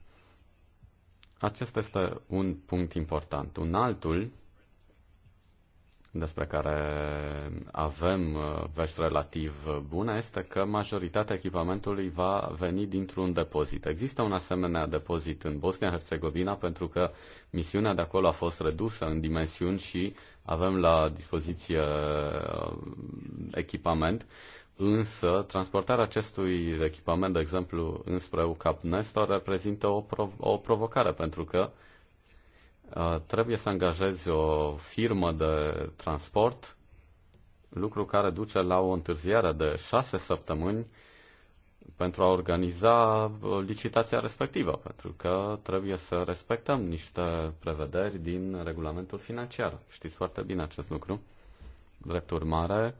Acesta este un punct important. Un altul despre care avem uh, vești relativ uh, bune este că majoritatea echipamentului va veni dintr-un depozit. Există un asemenea depozit în Bosnia-Herzegovina pentru că misiunea de acolo a fost redusă în dimensiuni și avem la dispoziție uh, echipament, însă transportarea acestui echipament, de exemplu, înspre UCAP Nestor reprezintă o, prov- o provocare pentru că uh, Uh, trebuie să angajezi o firmă de transport, lucru care duce la o întârziere de șase săptămâni pentru a organiza uh, licitația respectivă, pentru că trebuie să respectăm niște prevederi din regulamentul financiar. Știți foarte bine acest lucru. Drept urmare,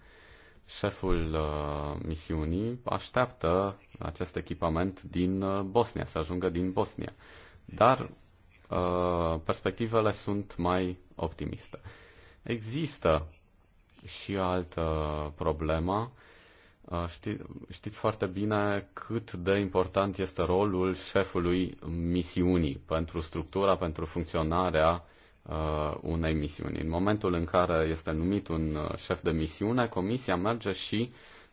șeful uh, misiunii așteaptă acest echipament din Bosnia, să ajungă din Bosnia. Dar Uh, perspectivele sunt mai optimiste. Există și altă problemă. Uh, ști, știți foarte bine cât de important este rolul șefului misiunii pentru structura, pentru funcționarea uh, unei misiuni. În momentul în care este numit un uh, șef de misiune, comisia merge și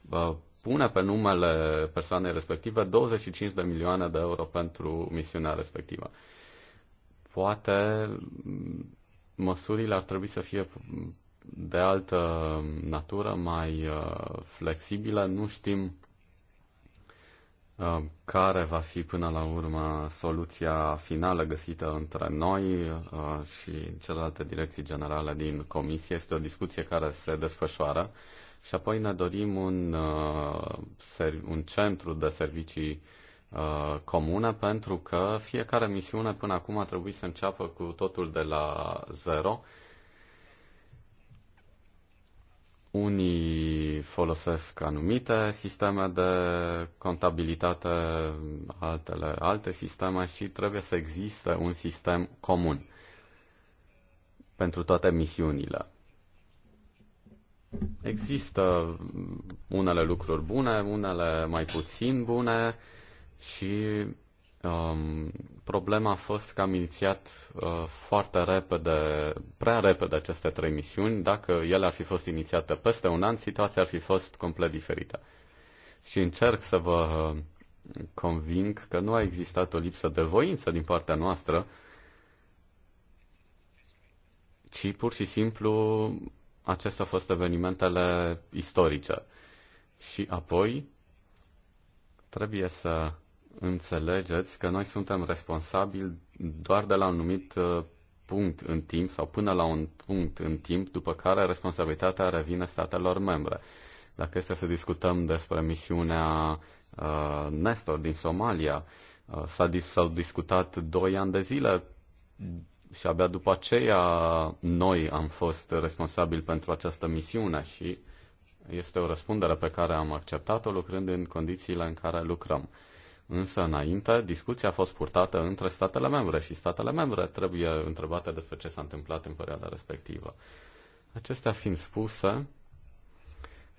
uh, pune pe numele persoanei respective 25 de milioane de euro pentru misiunea respectivă. Uh, poate mm, măsurile ar trebui să fie de altă natură, mai uh, flexibile. Nu știm uh, care va fi până la urmă soluția finală găsită între noi uh, și celelalte direcții generale din comisie. Este o discuție care se desfășoară și apoi ne dorim un, un centru de servicii Uh, comune, pentru că fiecare misiune până acum a trebuit să înceapă cu totul de la zero. Unii folosesc anumite sisteme de contabilitate, altele alte sisteme și trebuie să existe un sistem comun pentru toate misiunile. Există unele lucruri bune, unele mai puțin bune, și um, problema a fost că am inițiat uh, foarte repede, prea repede aceste trei misiuni. Dacă ele ar fi fost inițiate peste un an, situația ar fi fost complet diferită. Și încerc să vă uh, convinc că nu a existat o lipsă de voință din partea noastră, ci pur și simplu acestea au fost evenimentele istorice. Și apoi trebuie să înțelegeți că noi suntem responsabili doar de la un anumit uh, punct în timp sau până la un punct în timp, după care responsabilitatea revine statelor membre. Dacă este să discutăm despre misiunea uh, Nestor din Somalia, uh, s-a, s-au discutat doi ani de zile și abia după aceea noi am fost responsabili pentru această misiune și este o răspundere pe care am acceptat-o lucrând în condițiile în care lucrăm. Însă, înainte, discuția a fost purtată între statele membre și statele membre trebuie întrebate despre ce s-a întâmplat în perioada respectivă. Acestea fiind spuse,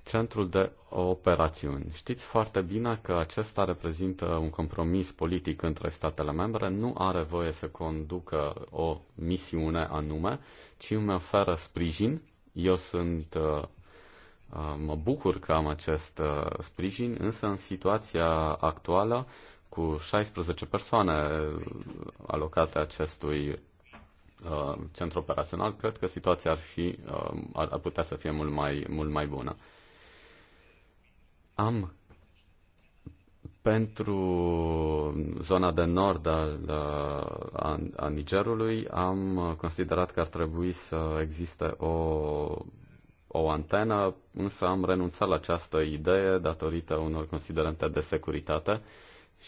centrul de operațiuni. Știți foarte bine că acesta reprezintă un compromis politic între statele membre, nu are voie să conducă o misiune anume, ci îmi oferă sprijin. Eu sunt uh, Uh, mă bucur că am acest uh, sprijin, însă în situația actuală, cu 16 persoane uh, alocate acestui centru operațional, cred că situația ar, fi, ar, putea să fie mult mai, mult mai bună. Am pentru zona de nord a, a, a Nigerului am considerat că ar trebui să existe o o antenă, însă am renunțat la această idee datorită unor considerente de securitate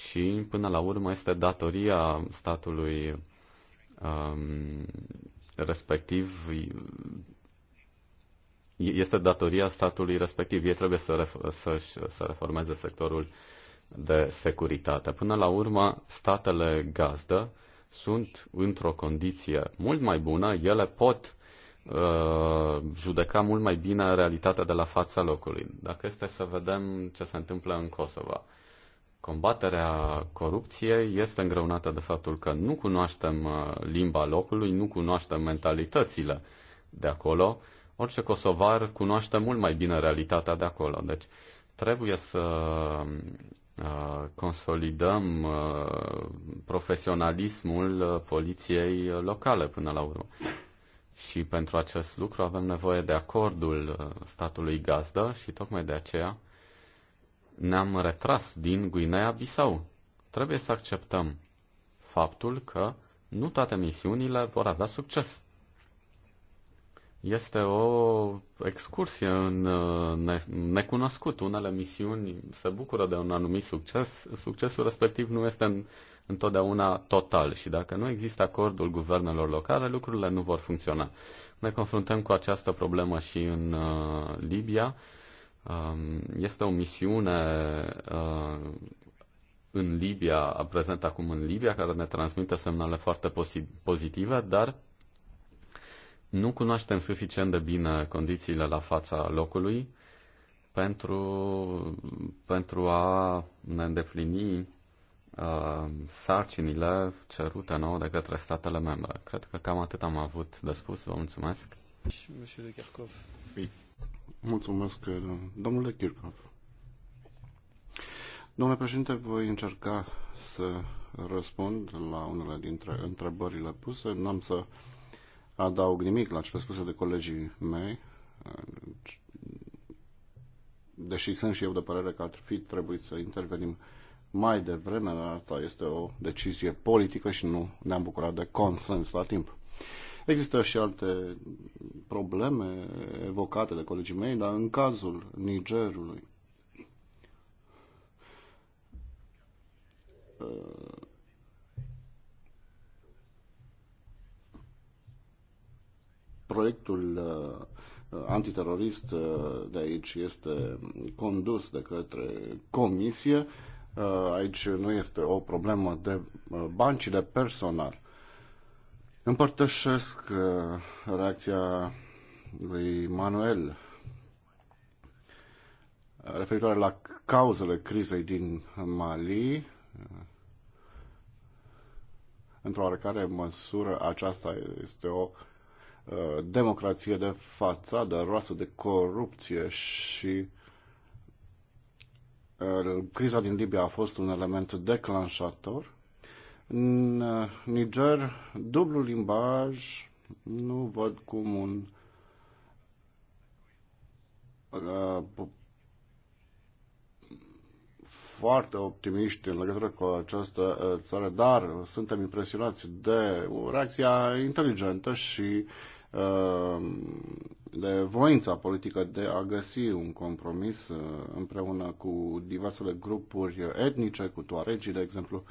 și până la urmă este datoria statului um, respectiv este datoria statului respectiv. Ei trebuie să, ref- să, să reformeze sectorul de securitate. Până la urmă, statele gazdă sunt într-o condiție mult mai bună, ele pot Uh, judeca mult mai bine realitatea de la fața locului. Dacă este să vedem ce se întâmplă în Kosovo. Combaterea corupției este îngreunată de faptul că nu cunoaștem uh, limba locului, nu cunoaștem mentalitățile de acolo. Orice kosovar cunoaște mult mai bine realitatea de acolo. Deci trebuie să uh, consolidăm profesionalismul poliției locale până la urmă și pentru acest lucru avem nevoie de acordul uh, statului gazdă și tocmai de aceea ne-am retras din Guinea-Bissau. Trebuie să acceptăm faptul că nu toate misiunile vor avea succes. Este o excursie în uh, necunoscut. Unele misiuni se bucură de un anumit succes, succesul respectiv nu este în întotdeauna total și dacă nu există acordul guvernelor locale, lucrurile nu vor funcționa. Ne confruntăm cu această problemă și în uh, Libia. Um, este o misiune uh, în Libia, prezent acum în Libia, care ne transmite semnale foarte pozitive, dar nu cunoaștem suficient de bine condițiile la fața locului pentru, pentru a ne îndeplini Uh, sarcinile cerute nouă de către statele membre. Cred că cam atât am avut de spus. Vă mulțumesc. Monsieur de Kirchhoff. Mulțumesc, domnule Kirchhoff. Domnule președinte, voi încerca să răspund la unele dintre întrebările puse. N-am să adaug nimic la cele spuse de colegii mei, deși sunt și eu de părere că ar fi trebuit să intervenim uh, mai devreme, dar asta este o decizie politică și nu ne-am bucurat de consens la timp. Există și alte probleme evocate de colegii mei, dar în cazul Nigerului, proiectul uh, antiterorist uh, de aici este condus de către comisie Uh, aici nu este o problemă de uh, bani, ci de personal. Împărtășesc uh, reacția lui Manuel referitoare la cauzele crizei din Mali. Într-o oarecare măsură, aceasta este o democrație de fațadă, roasă de corupție și Uh, criza din Libia a fost un element declanșator. În uh, Niger, dublu limbaj, nu văd cum un uh, foarte optimiști în legătură cu această țară, dar suntem impresionați de o reacție inteligentă și uh, de voința politică de a găsi un compromis uh, împreună cu diversele grupuri etnice, cu toaregii, de exemplu,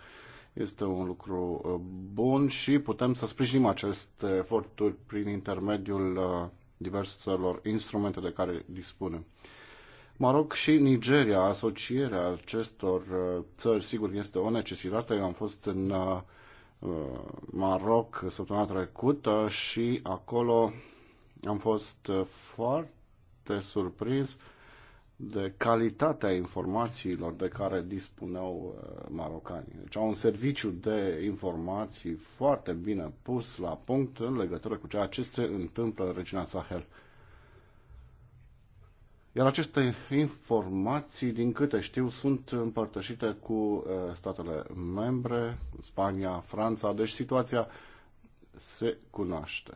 este un lucru uh, bun și putem să sprijinim aceste eforturi prin intermediul uh, diverselor instrumente de care dispunem. Maroc și Nigeria, asocierea acestor țări, sigur, este o necesitate. Eu am fost în Maroc săptămâna trecută și acolo am fost uh, foarte surprins de calitatea informațiilor de care dispuneau uh, marocanii. Deci au un serviciu de informații foarte bine pus la punct în legătură cu ceea ce se întâmplă în regiunea Sahel. Iar aceste informații, din câte știu, sunt împărtășite cu uh, statele membre, Spania, Franța, deci situația se cunoaște.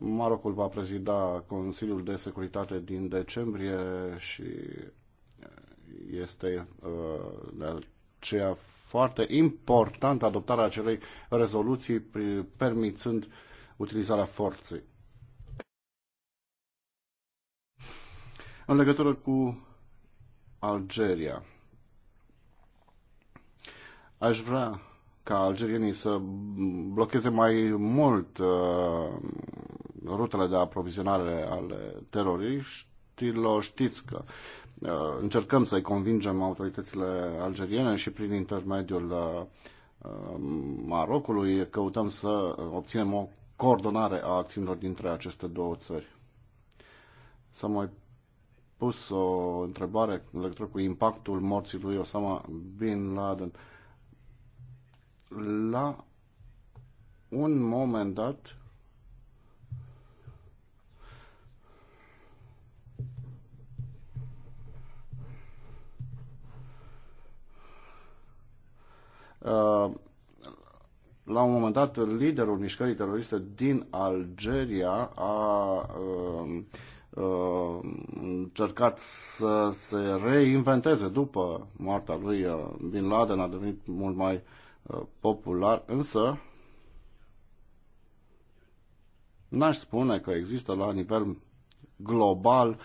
Marocul va prezida Consiliul de Securitate din decembrie și este uh, de aceea foarte important adoptarea acelei rezoluții permițând utilizarea forței. În legătură cu Algeria, aș vrea ca algerienii să blocheze mai mult uh, rutele de aprovizionare ale teroriștilor, știți că uh, încercăm să-i convingem autoritățile algeriene și prin intermediul uh, uh, Marocului căutăm să obținem o coordonare a acțiunilor dintre aceste două țări. S-a mai pus o întrebare în legătură cu impactul morții lui Osama Bin Laden. La un moment dat, Uh, la un moment dat, liderul mișcării teroriste din Algeria a uh, uh, încercat să se reinventeze după moartea lui Bin Laden, a devenit mult mai popular, însă n-aș spune că există la nivel global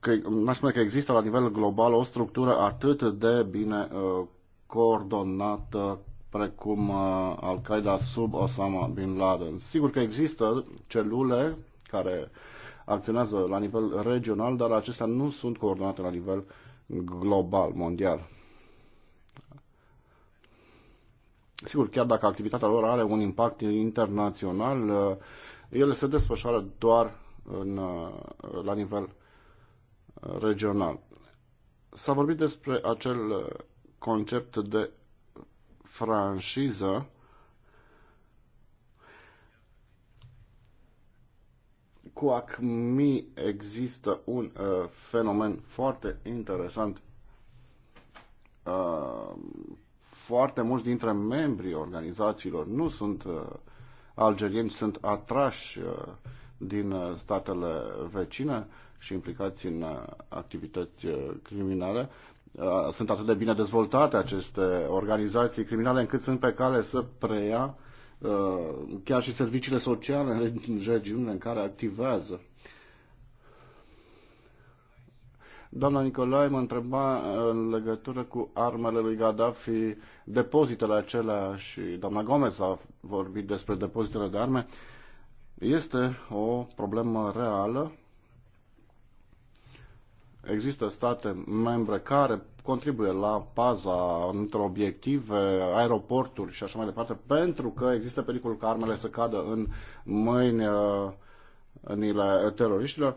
că, n-aș spune că există la nivel global o structură atât de bine coordonată precum uh, Al-Qaeda sub Osama Bin Laden. Sigur că există celule care acționează la nivel regional, dar acestea nu sunt coordonate la nivel global, mondial. Sigur, chiar dacă activitatea lor are un impact internațional, uh, ele se desfășoară doar în, uh, la nivel regional. S-a vorbit despre acel concept de franciză cu ACMI există un uh, fenomen foarte interesant. Uh, foarte mulți dintre membrii organizațiilor nu sunt uh, algerieni, sunt atrași uh, din uh, statele vecine. Uh, și implicați în uh, activități uh, criminale. Uh, sunt atât de bine dezvoltate aceste organizații criminale încât sunt pe cale să preia chiar și serviciile sociale în regiunile în care activează. Doamna Nicolae mă întreba în legătură cu armele lui Gaddafi, depozitele acelea și doamna Gomez a vorbit despre depozitele de arme. Este o problemă reală Există state membre care contribuie la paza între obiective, aeroporturi și așa mai departe, pentru că există pericolul ca armele să cadă în mâini uh, în teroriștilor.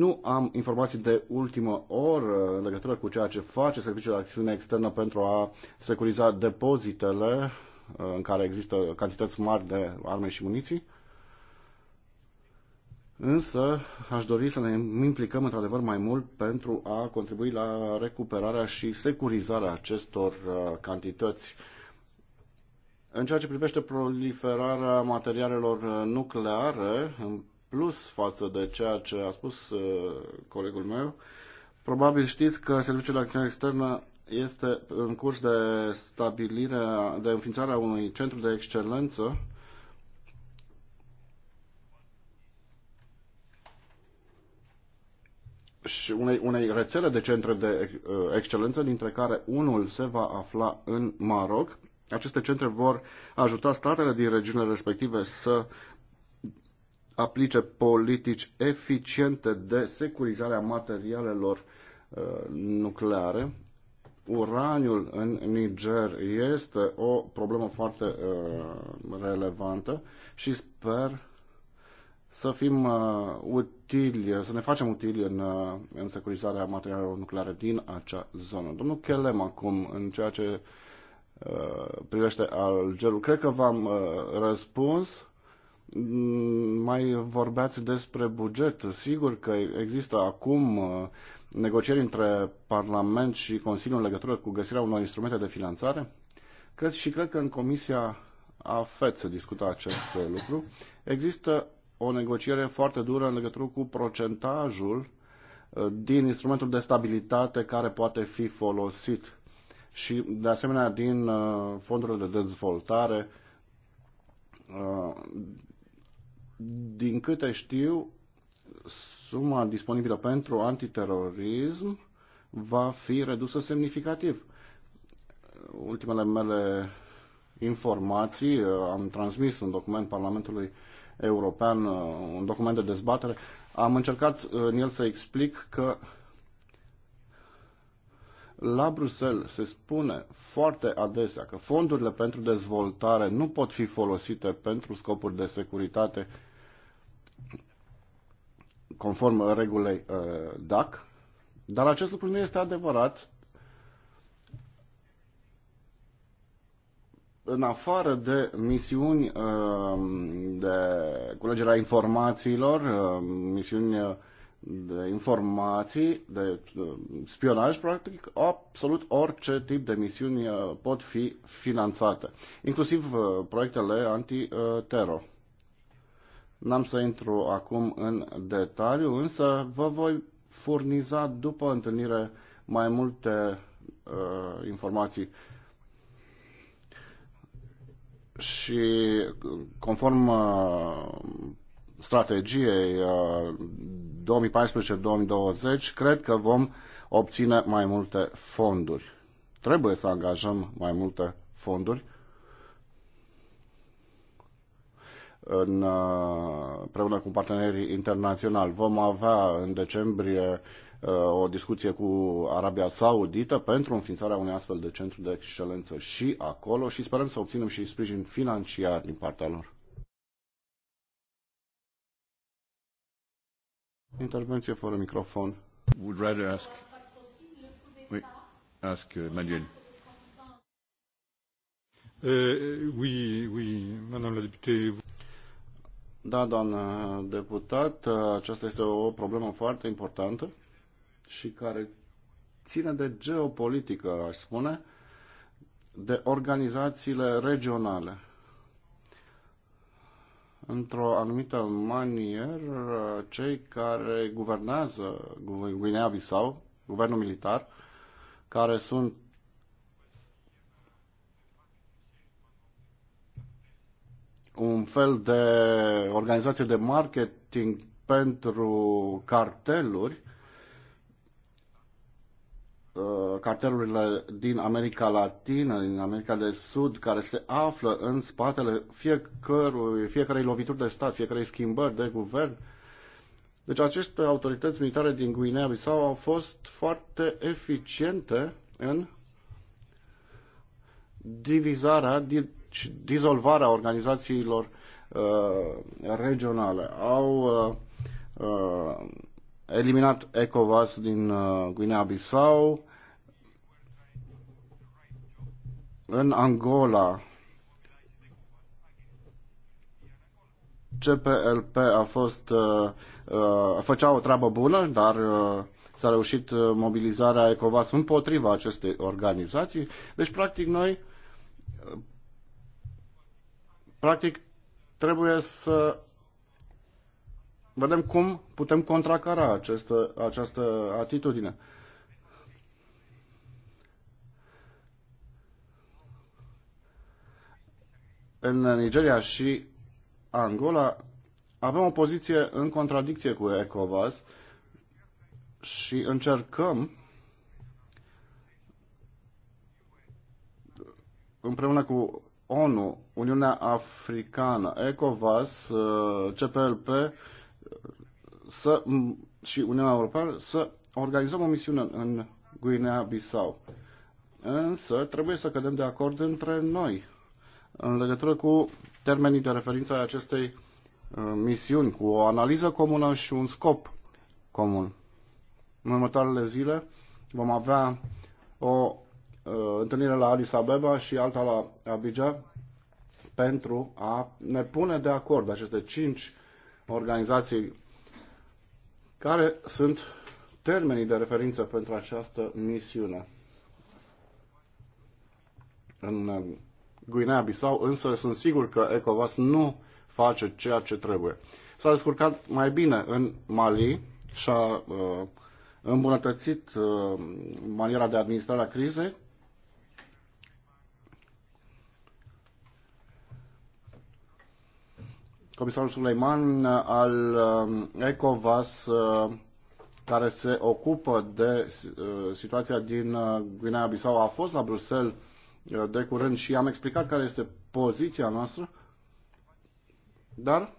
Nu am informații de ultimă oră în legătură cu ceea ce face Serviciul de Acțiune Externă pentru a securiza depozitele uh, în care există cantități mari de arme și muniții. Însă aș dori să ne implicăm într-adevăr mai mult pentru a contribui la recuperarea și securizarea acestor uh, cantități. În ceea ce privește proliferarea materialelor uh, nucleare, în plus față de ceea ce a spus uh, colegul meu, probabil știți că Serviciul de Acțiune Externă este în curs de stabilire, de înființarea unui centru de excelență și unei, unei rețele de centre de uh, excelență, dintre care unul se va afla în Maroc. Aceste centre vor ajuta statele din regiunile respective să aplice politici eficiente de securizare a materialelor uh, nucleare. Uraniul în Niger este o problemă foarte uh, relevantă și sper să fim uh, utili, să ne facem utili în, uh, în securizarea materialelor nucleare din acea zonă. Domnul Chelem acum, în ceea ce uh, privește Algerul, cred că v-am uh, răspuns. Mm, mai vorbeați despre buget. Sigur că există acum uh, negocieri între Parlament și Consiliu în legătură cu găsirea unor instrumente de finanțare. Cred și cred că în Comisia AFET se discută acest lucru. Există o negociere foarte dură în legătură cu procentajul uh, din instrumentul de stabilitate care poate fi folosit și, de asemenea, din uh, fondurile de dezvoltare. Uh, din câte știu, suma disponibilă pentru antiterorism va fi redusă semnificativ. Ultimele mele informații am transmis un document Parlamentului uh, european, uh, un document de dezbatere, am încercat uh, în el să explic că la Bruxelles se spune foarte adesea că fondurile pentru dezvoltare nu pot fi folosite pentru scopuri de securitate conform regulei uh, DAC, dar acest lucru nu este adevărat în afară de misiuni uh, de culegerea informațiilor, uh, misiuni uh, de informații, de spionaj, practic, absolut orice tip de misiuni pot fi finanțate, inclusiv proiectele anti antitero. N-am să intru acum în detaliu, însă vă voi furniza după întâlnire mai multe uh, informații și conform uh, strategiei 2014-2020, uh, cred că vom obține mai multe fonduri. Trebuie să angajăm mai multe fonduri în, uh, împreună cu partenerii internaționali. Vom avea în decembrie Uh, o discuție cu Arabia Saudită pentru înființarea unui astfel de centru de excelență și acolo și sperăm să obținem și sprijin financiar din partea lor. Intervenție fără microfon. Would rather ask. Oui. Ask uh, Manuel. Uh, oui, oui, madame la députée. Da, doamnă deputat, uh, aceasta este o problemă foarte importantă și care ține de geopolitică, aș spune, de organizațiile regionale. Într-o anumită manieră, cei care guvernează Guinea-Bissau, guvernul militar, care sunt un fel de organizație de marketing pentru carteluri, Uh, cartelurile din America Latină, din America de Sud, care se află în spatele fiecărui, fiecarei lovituri de stat, fiecarei schimbări de guvern. Deci aceste autorități militare din Guinea-Bissau au fost foarte eficiente în divizarea și dizolvarea organizațiilor uh, regionale. Au uh, uh, eliminat ECOWAS din uh, Guinea-Bissau. În Angola, CPLP a fost uh, uh, făcea o treabă bună, dar uh, s-a reușit uh, mobilizarea ECOVAS împotriva acestei organizații. Deci, practic, noi practic trebuie să vedem cum putem contracara această, această atitudine. În Nigeria și Angola avem o poziție în contradicție cu ECOWAS și încercăm împreună cu ONU, Uniunea Africană, ECOWAS, CPLP, să, și Uniunea Europeană să organizăm o misiune în Guinea-Bissau. Însă trebuie să cădem de acord între noi în legătură cu termenii de referință ai acestei uh, misiuni, cu o analiză comună și un scop comun. În următoarele zile vom avea o uh, întâlnire la Addis Abeba și alta la Abidjan pentru a ne pune de acord aceste cinci organizații care sunt termenii de referință pentru această misiune. În uh, Guinea-Bissau, însă sunt sigur că ECOWAS nu face ceea ce trebuie. S-a descurcat mai bine în Mali și a uh, îmbunătățit uh, maniera de administrare a crizei, comisarul Suleiman uh, al uh, ECOVAS uh, care se ocupă de situația din Guinea-Bissau a fost la Bruxelles de curând și am explicat care este poziția noastră, dar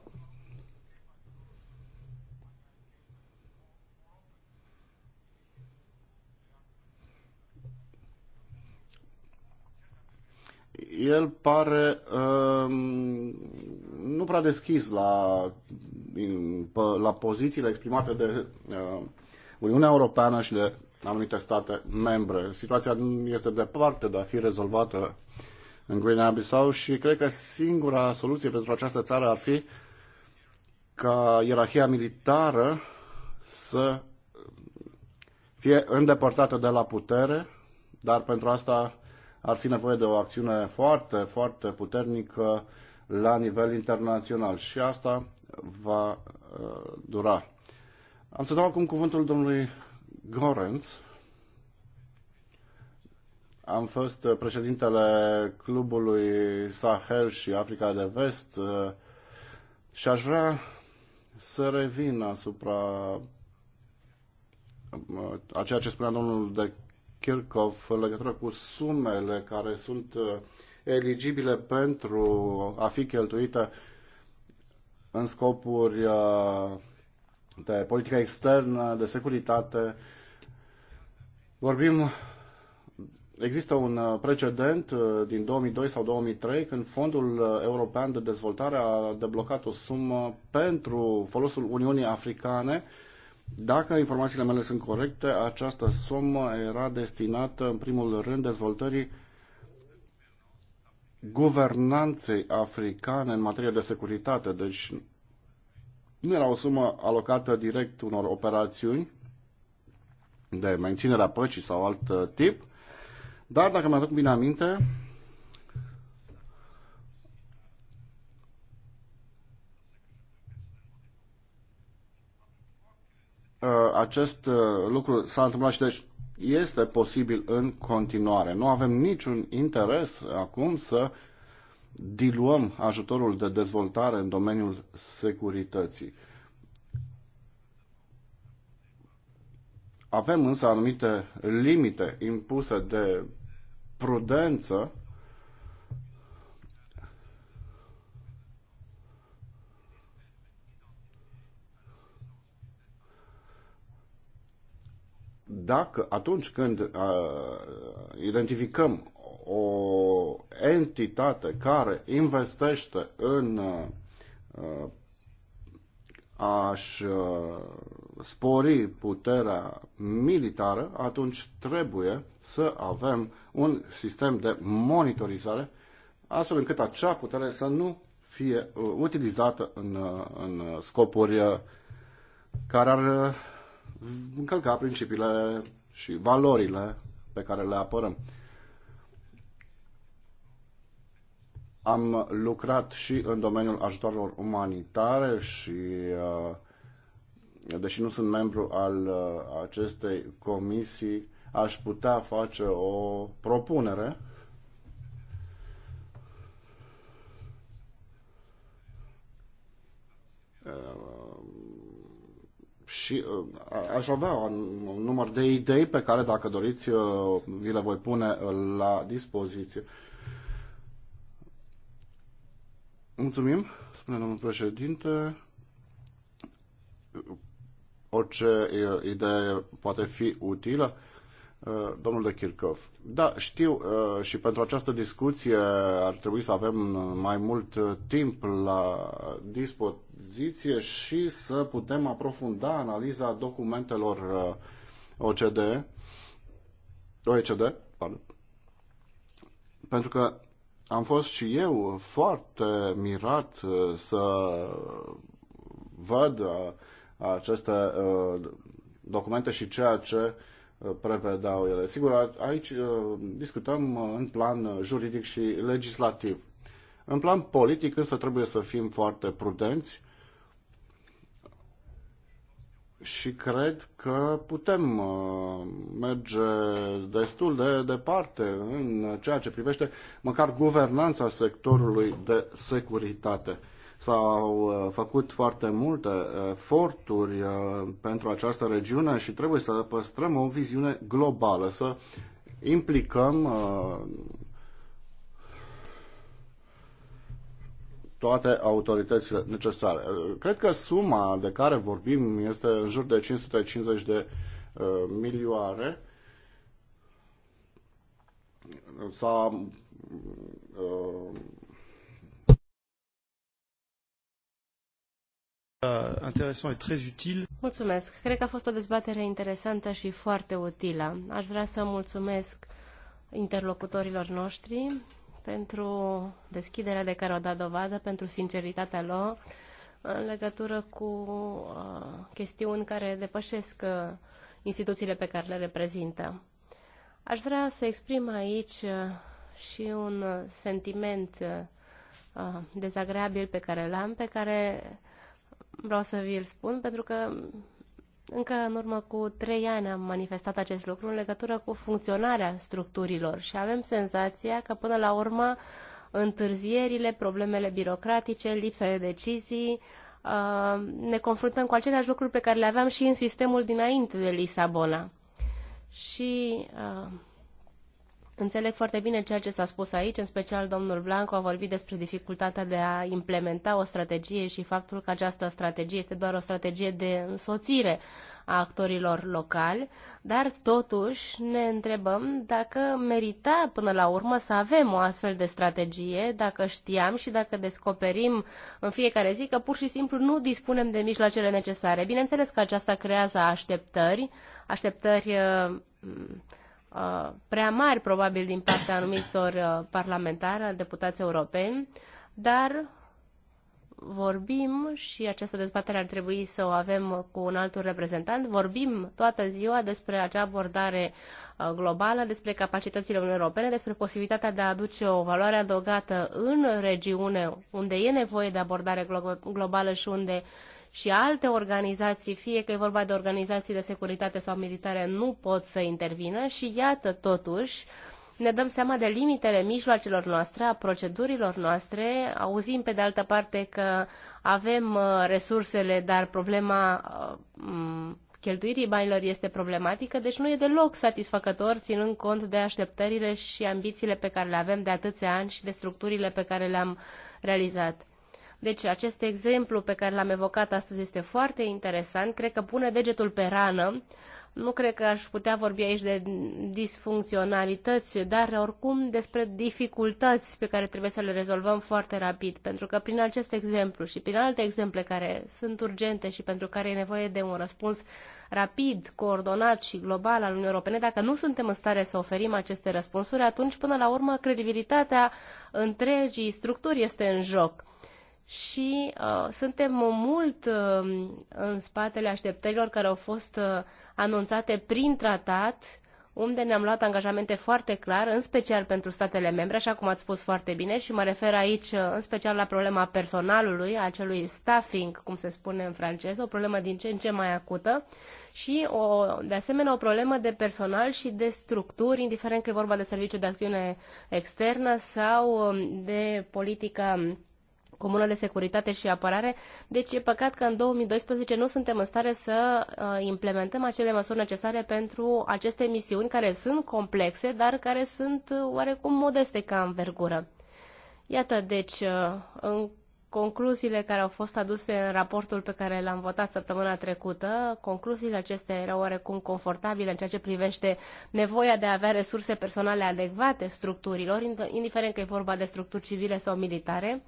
el pare nu prea deschis la, la pozițiile exprimate de uh, Uniunea Europeană și de anumite state membre. Situația este departe de a fi rezolvată în Guinea-Bissau și cred că singura soluție pentru această țară ar fi ca ierarhia militară să fie îndepărtată de la putere, dar pentru asta ar fi nevoie de o acțiune foarte, foarte puternică la nivel internațional și asta va uh, dura. Am să dau acum cuvântul domnului Gorenț. Am fost uh, președintele clubului Sahel și Africa de Vest uh, și aș vrea să revin asupra a ceea ce spunea domnul de Kirchhoff în legătură cu sumele care sunt eligibile pentru a fi cheltuită în scopuri uh, de politică externă, de securitate. Vorbim, există un uh, precedent uh, din 2002 sau 2003 când Fondul European de Dezvoltare a deblocat o sumă pentru folosul Uniunii Africane. Dacă informațiile mele sunt corecte, această sumă era destinată în primul rând dezvoltării guvernanței africane în materie de securitate. Deci nu era o sumă alocată direct unor operațiuni de menținerea păcii sau alt uh, tip, dar dacă mi-aduc bine aminte, uh, acest uh, lucru s-a întâmplat și deci este posibil în continuare. Nu avem niciun interes acum să diluăm ajutorul de dezvoltare în domeniul securității. Avem însă anumite limite impuse de prudență dacă atunci când uh, identificăm o entitate care investește în uh, aș uh, spori puterea militară, atunci trebuie să avem un sistem de monitorizare astfel încât acea putere să nu fie uh, utilizată în, în scopuri uh, care ar încălca principiile și valorile pe care le apărăm. Am lucrat și în domeniul ajutorilor umanitare și uh, deși nu sunt membru al uh, acestei comisii, aș putea face o propunere și uh, aș avea un număr de idei pe care, dacă doriți, uh, vi le voi pune uh, la dispoziție. Mulțumim, spune domnul președinte. Orice idee poate fi utilă. Uh, domnul de Kirchhoff. Da, știu uh, și pentru această discuție ar trebui să avem mai mult uh, timp la dispoziție și să putem aprofunda analiza documentelor OCD, OECD, pardon. pentru că am fost și eu foarte mirat să văd aceste documente și ceea ce uh, prevedeau ele. Sigur, aici uh, discutăm uh, în plan uh, juridic și legislativ. În plan politic însă trebuie să fim foarte prudenți și cred că putem merge destul de departe în ceea ce privește măcar guvernanța sectorului de securitate. S-au uh, făcut foarte multe eforturi uh, pentru această regiune și trebuie să păstrăm o viziune globală, să implicăm uh, toate autoritățile necesare. Cred că suma de care vorbim este în jur de 550 de uh, milioane. S-a interesant și très util. Mulțumesc. Cred că a fost o dezbatere interesantă și foarte utilă. Aș vrea să mulțumesc interlocutorilor noștri pentru deschiderea de care au dat dovadă, pentru sinceritatea lor în legătură cu uh, chestiuni care depășesc uh, instituțiile pe care le reprezintă. Aș vrea să exprim aici uh, și un uh, sentiment uh, uh, dezagreabil pe care l-am, pe care vreau să vi-l spun, pentru că încă în urmă cu trei ani am manifestat acest lucru în legătură cu funcționarea structurilor și avem senzația că până la urmă întârzierile, problemele birocratice, lipsa de decizii, uh, ne confruntăm cu aceleași lucruri pe care le aveam și în sistemul dinainte de Lisabona. Și uh, Înțeleg foarte bine ceea ce s-a spus aici, în special domnul Blanco a vorbit despre dificultatea de a implementa o strategie și faptul că această strategie este doar o strategie de însoțire a actorilor locali, dar totuși ne întrebăm dacă merita până la urmă să avem o astfel de strategie, dacă știam și dacă descoperim în fiecare zi că pur și simplu nu dispunem de mijloacele necesare. Bineînțeles că aceasta creează așteptări, așteptări uh, Uh, prea mari, probabil, din partea anumitor uh, parlamentari, deputați europeni, dar vorbim și această dezbatere ar trebui să o avem cu un altul reprezentant, vorbim toată ziua despre acea abordare uh, globală, despre capacitățile Uniunii Europene, despre posibilitatea de a aduce o valoare adăugată în regiune unde e nevoie de abordare globală și unde și alte organizații, fie că e vorba de organizații de securitate sau militare, nu pot să intervină și iată totuși ne dăm seama de limitele mijloacelor noastre, a procedurilor noastre, auzim pe de altă parte că avem uh, resursele, dar problema uh, cheltuirii banilor este problematică, deci nu e deloc satisfăcător ținând cont de așteptările și ambițiile pe care le avem de atâția ani și de structurile pe care le-am realizat. Deci acest exemplu pe care l-am evocat astăzi este foarte interesant, cred că pune degetul pe rană. Nu cred că aș putea vorbi aici de disfuncționalități, dar oricum despre dificultăți pe care trebuie să le rezolvăm foarte rapid, pentru că prin acest exemplu și prin alte exemple care sunt urgente și pentru care e nevoie de un răspuns rapid, coordonat și global al Uniunii Europene, dacă nu suntem în stare să oferim aceste răspunsuri, atunci până la urmă credibilitatea întregii structuri este în joc și uh, suntem mult uh, în spatele așteptărilor care au fost uh, anunțate prin tratat, unde ne-am luat angajamente foarte clar, în special pentru statele membre, așa cum ați spus foarte bine, și mă refer aici uh, în special la problema personalului, acelui staffing, cum se spune în franceză, o problemă din ce în ce mai acută și, o, de asemenea, o problemă de personal și de structuri, indiferent că e vorba de serviciu de acțiune externă sau um, de politică comună de securitate și apărare. Deci e păcat că în 2012 nu suntem în stare să uh, implementăm acele măsuri necesare pentru aceste misiuni care sunt complexe, dar care sunt oarecum modeste ca învergură. Iată, deci, uh, în concluziile care au fost aduse în raportul pe care l-am votat săptămâna trecută, concluziile acestea erau oarecum confortabile în ceea ce privește nevoia de a avea resurse personale adecvate structurilor, indiferent că e vorba de structuri civile sau militare.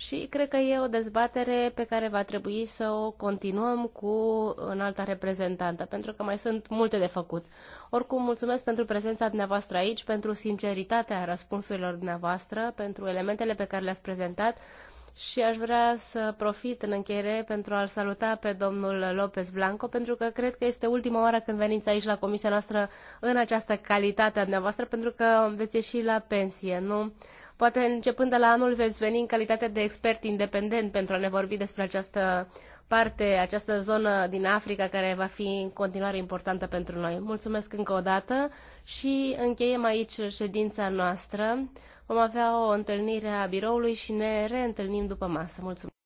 Și cred că e o dezbatere pe care va trebui să o continuăm cu înalta reprezentantă, pentru că mai sunt multe de făcut. Oricum, mulțumesc pentru prezența dumneavoastră aici, pentru sinceritatea răspunsurilor dumneavoastră, pentru elementele pe care le-ați prezentat și aș vrea să profit în încheiere pentru a-l saluta pe domnul Lopez Blanco, pentru că cred că este ultima oară când veniți aici la comisia noastră în această calitate a dumneavoastră, pentru că veți ieși la pensie, nu? Poate începând de la anul veți veni în calitate de expert independent pentru a ne vorbi despre această parte, această zonă din Africa care va fi în continuare importantă pentru noi. Mulțumesc încă o dată și încheiem aici ședința noastră. Vom avea o întâlnire a biroului și ne reîntâlnim după masă. Mulțumesc!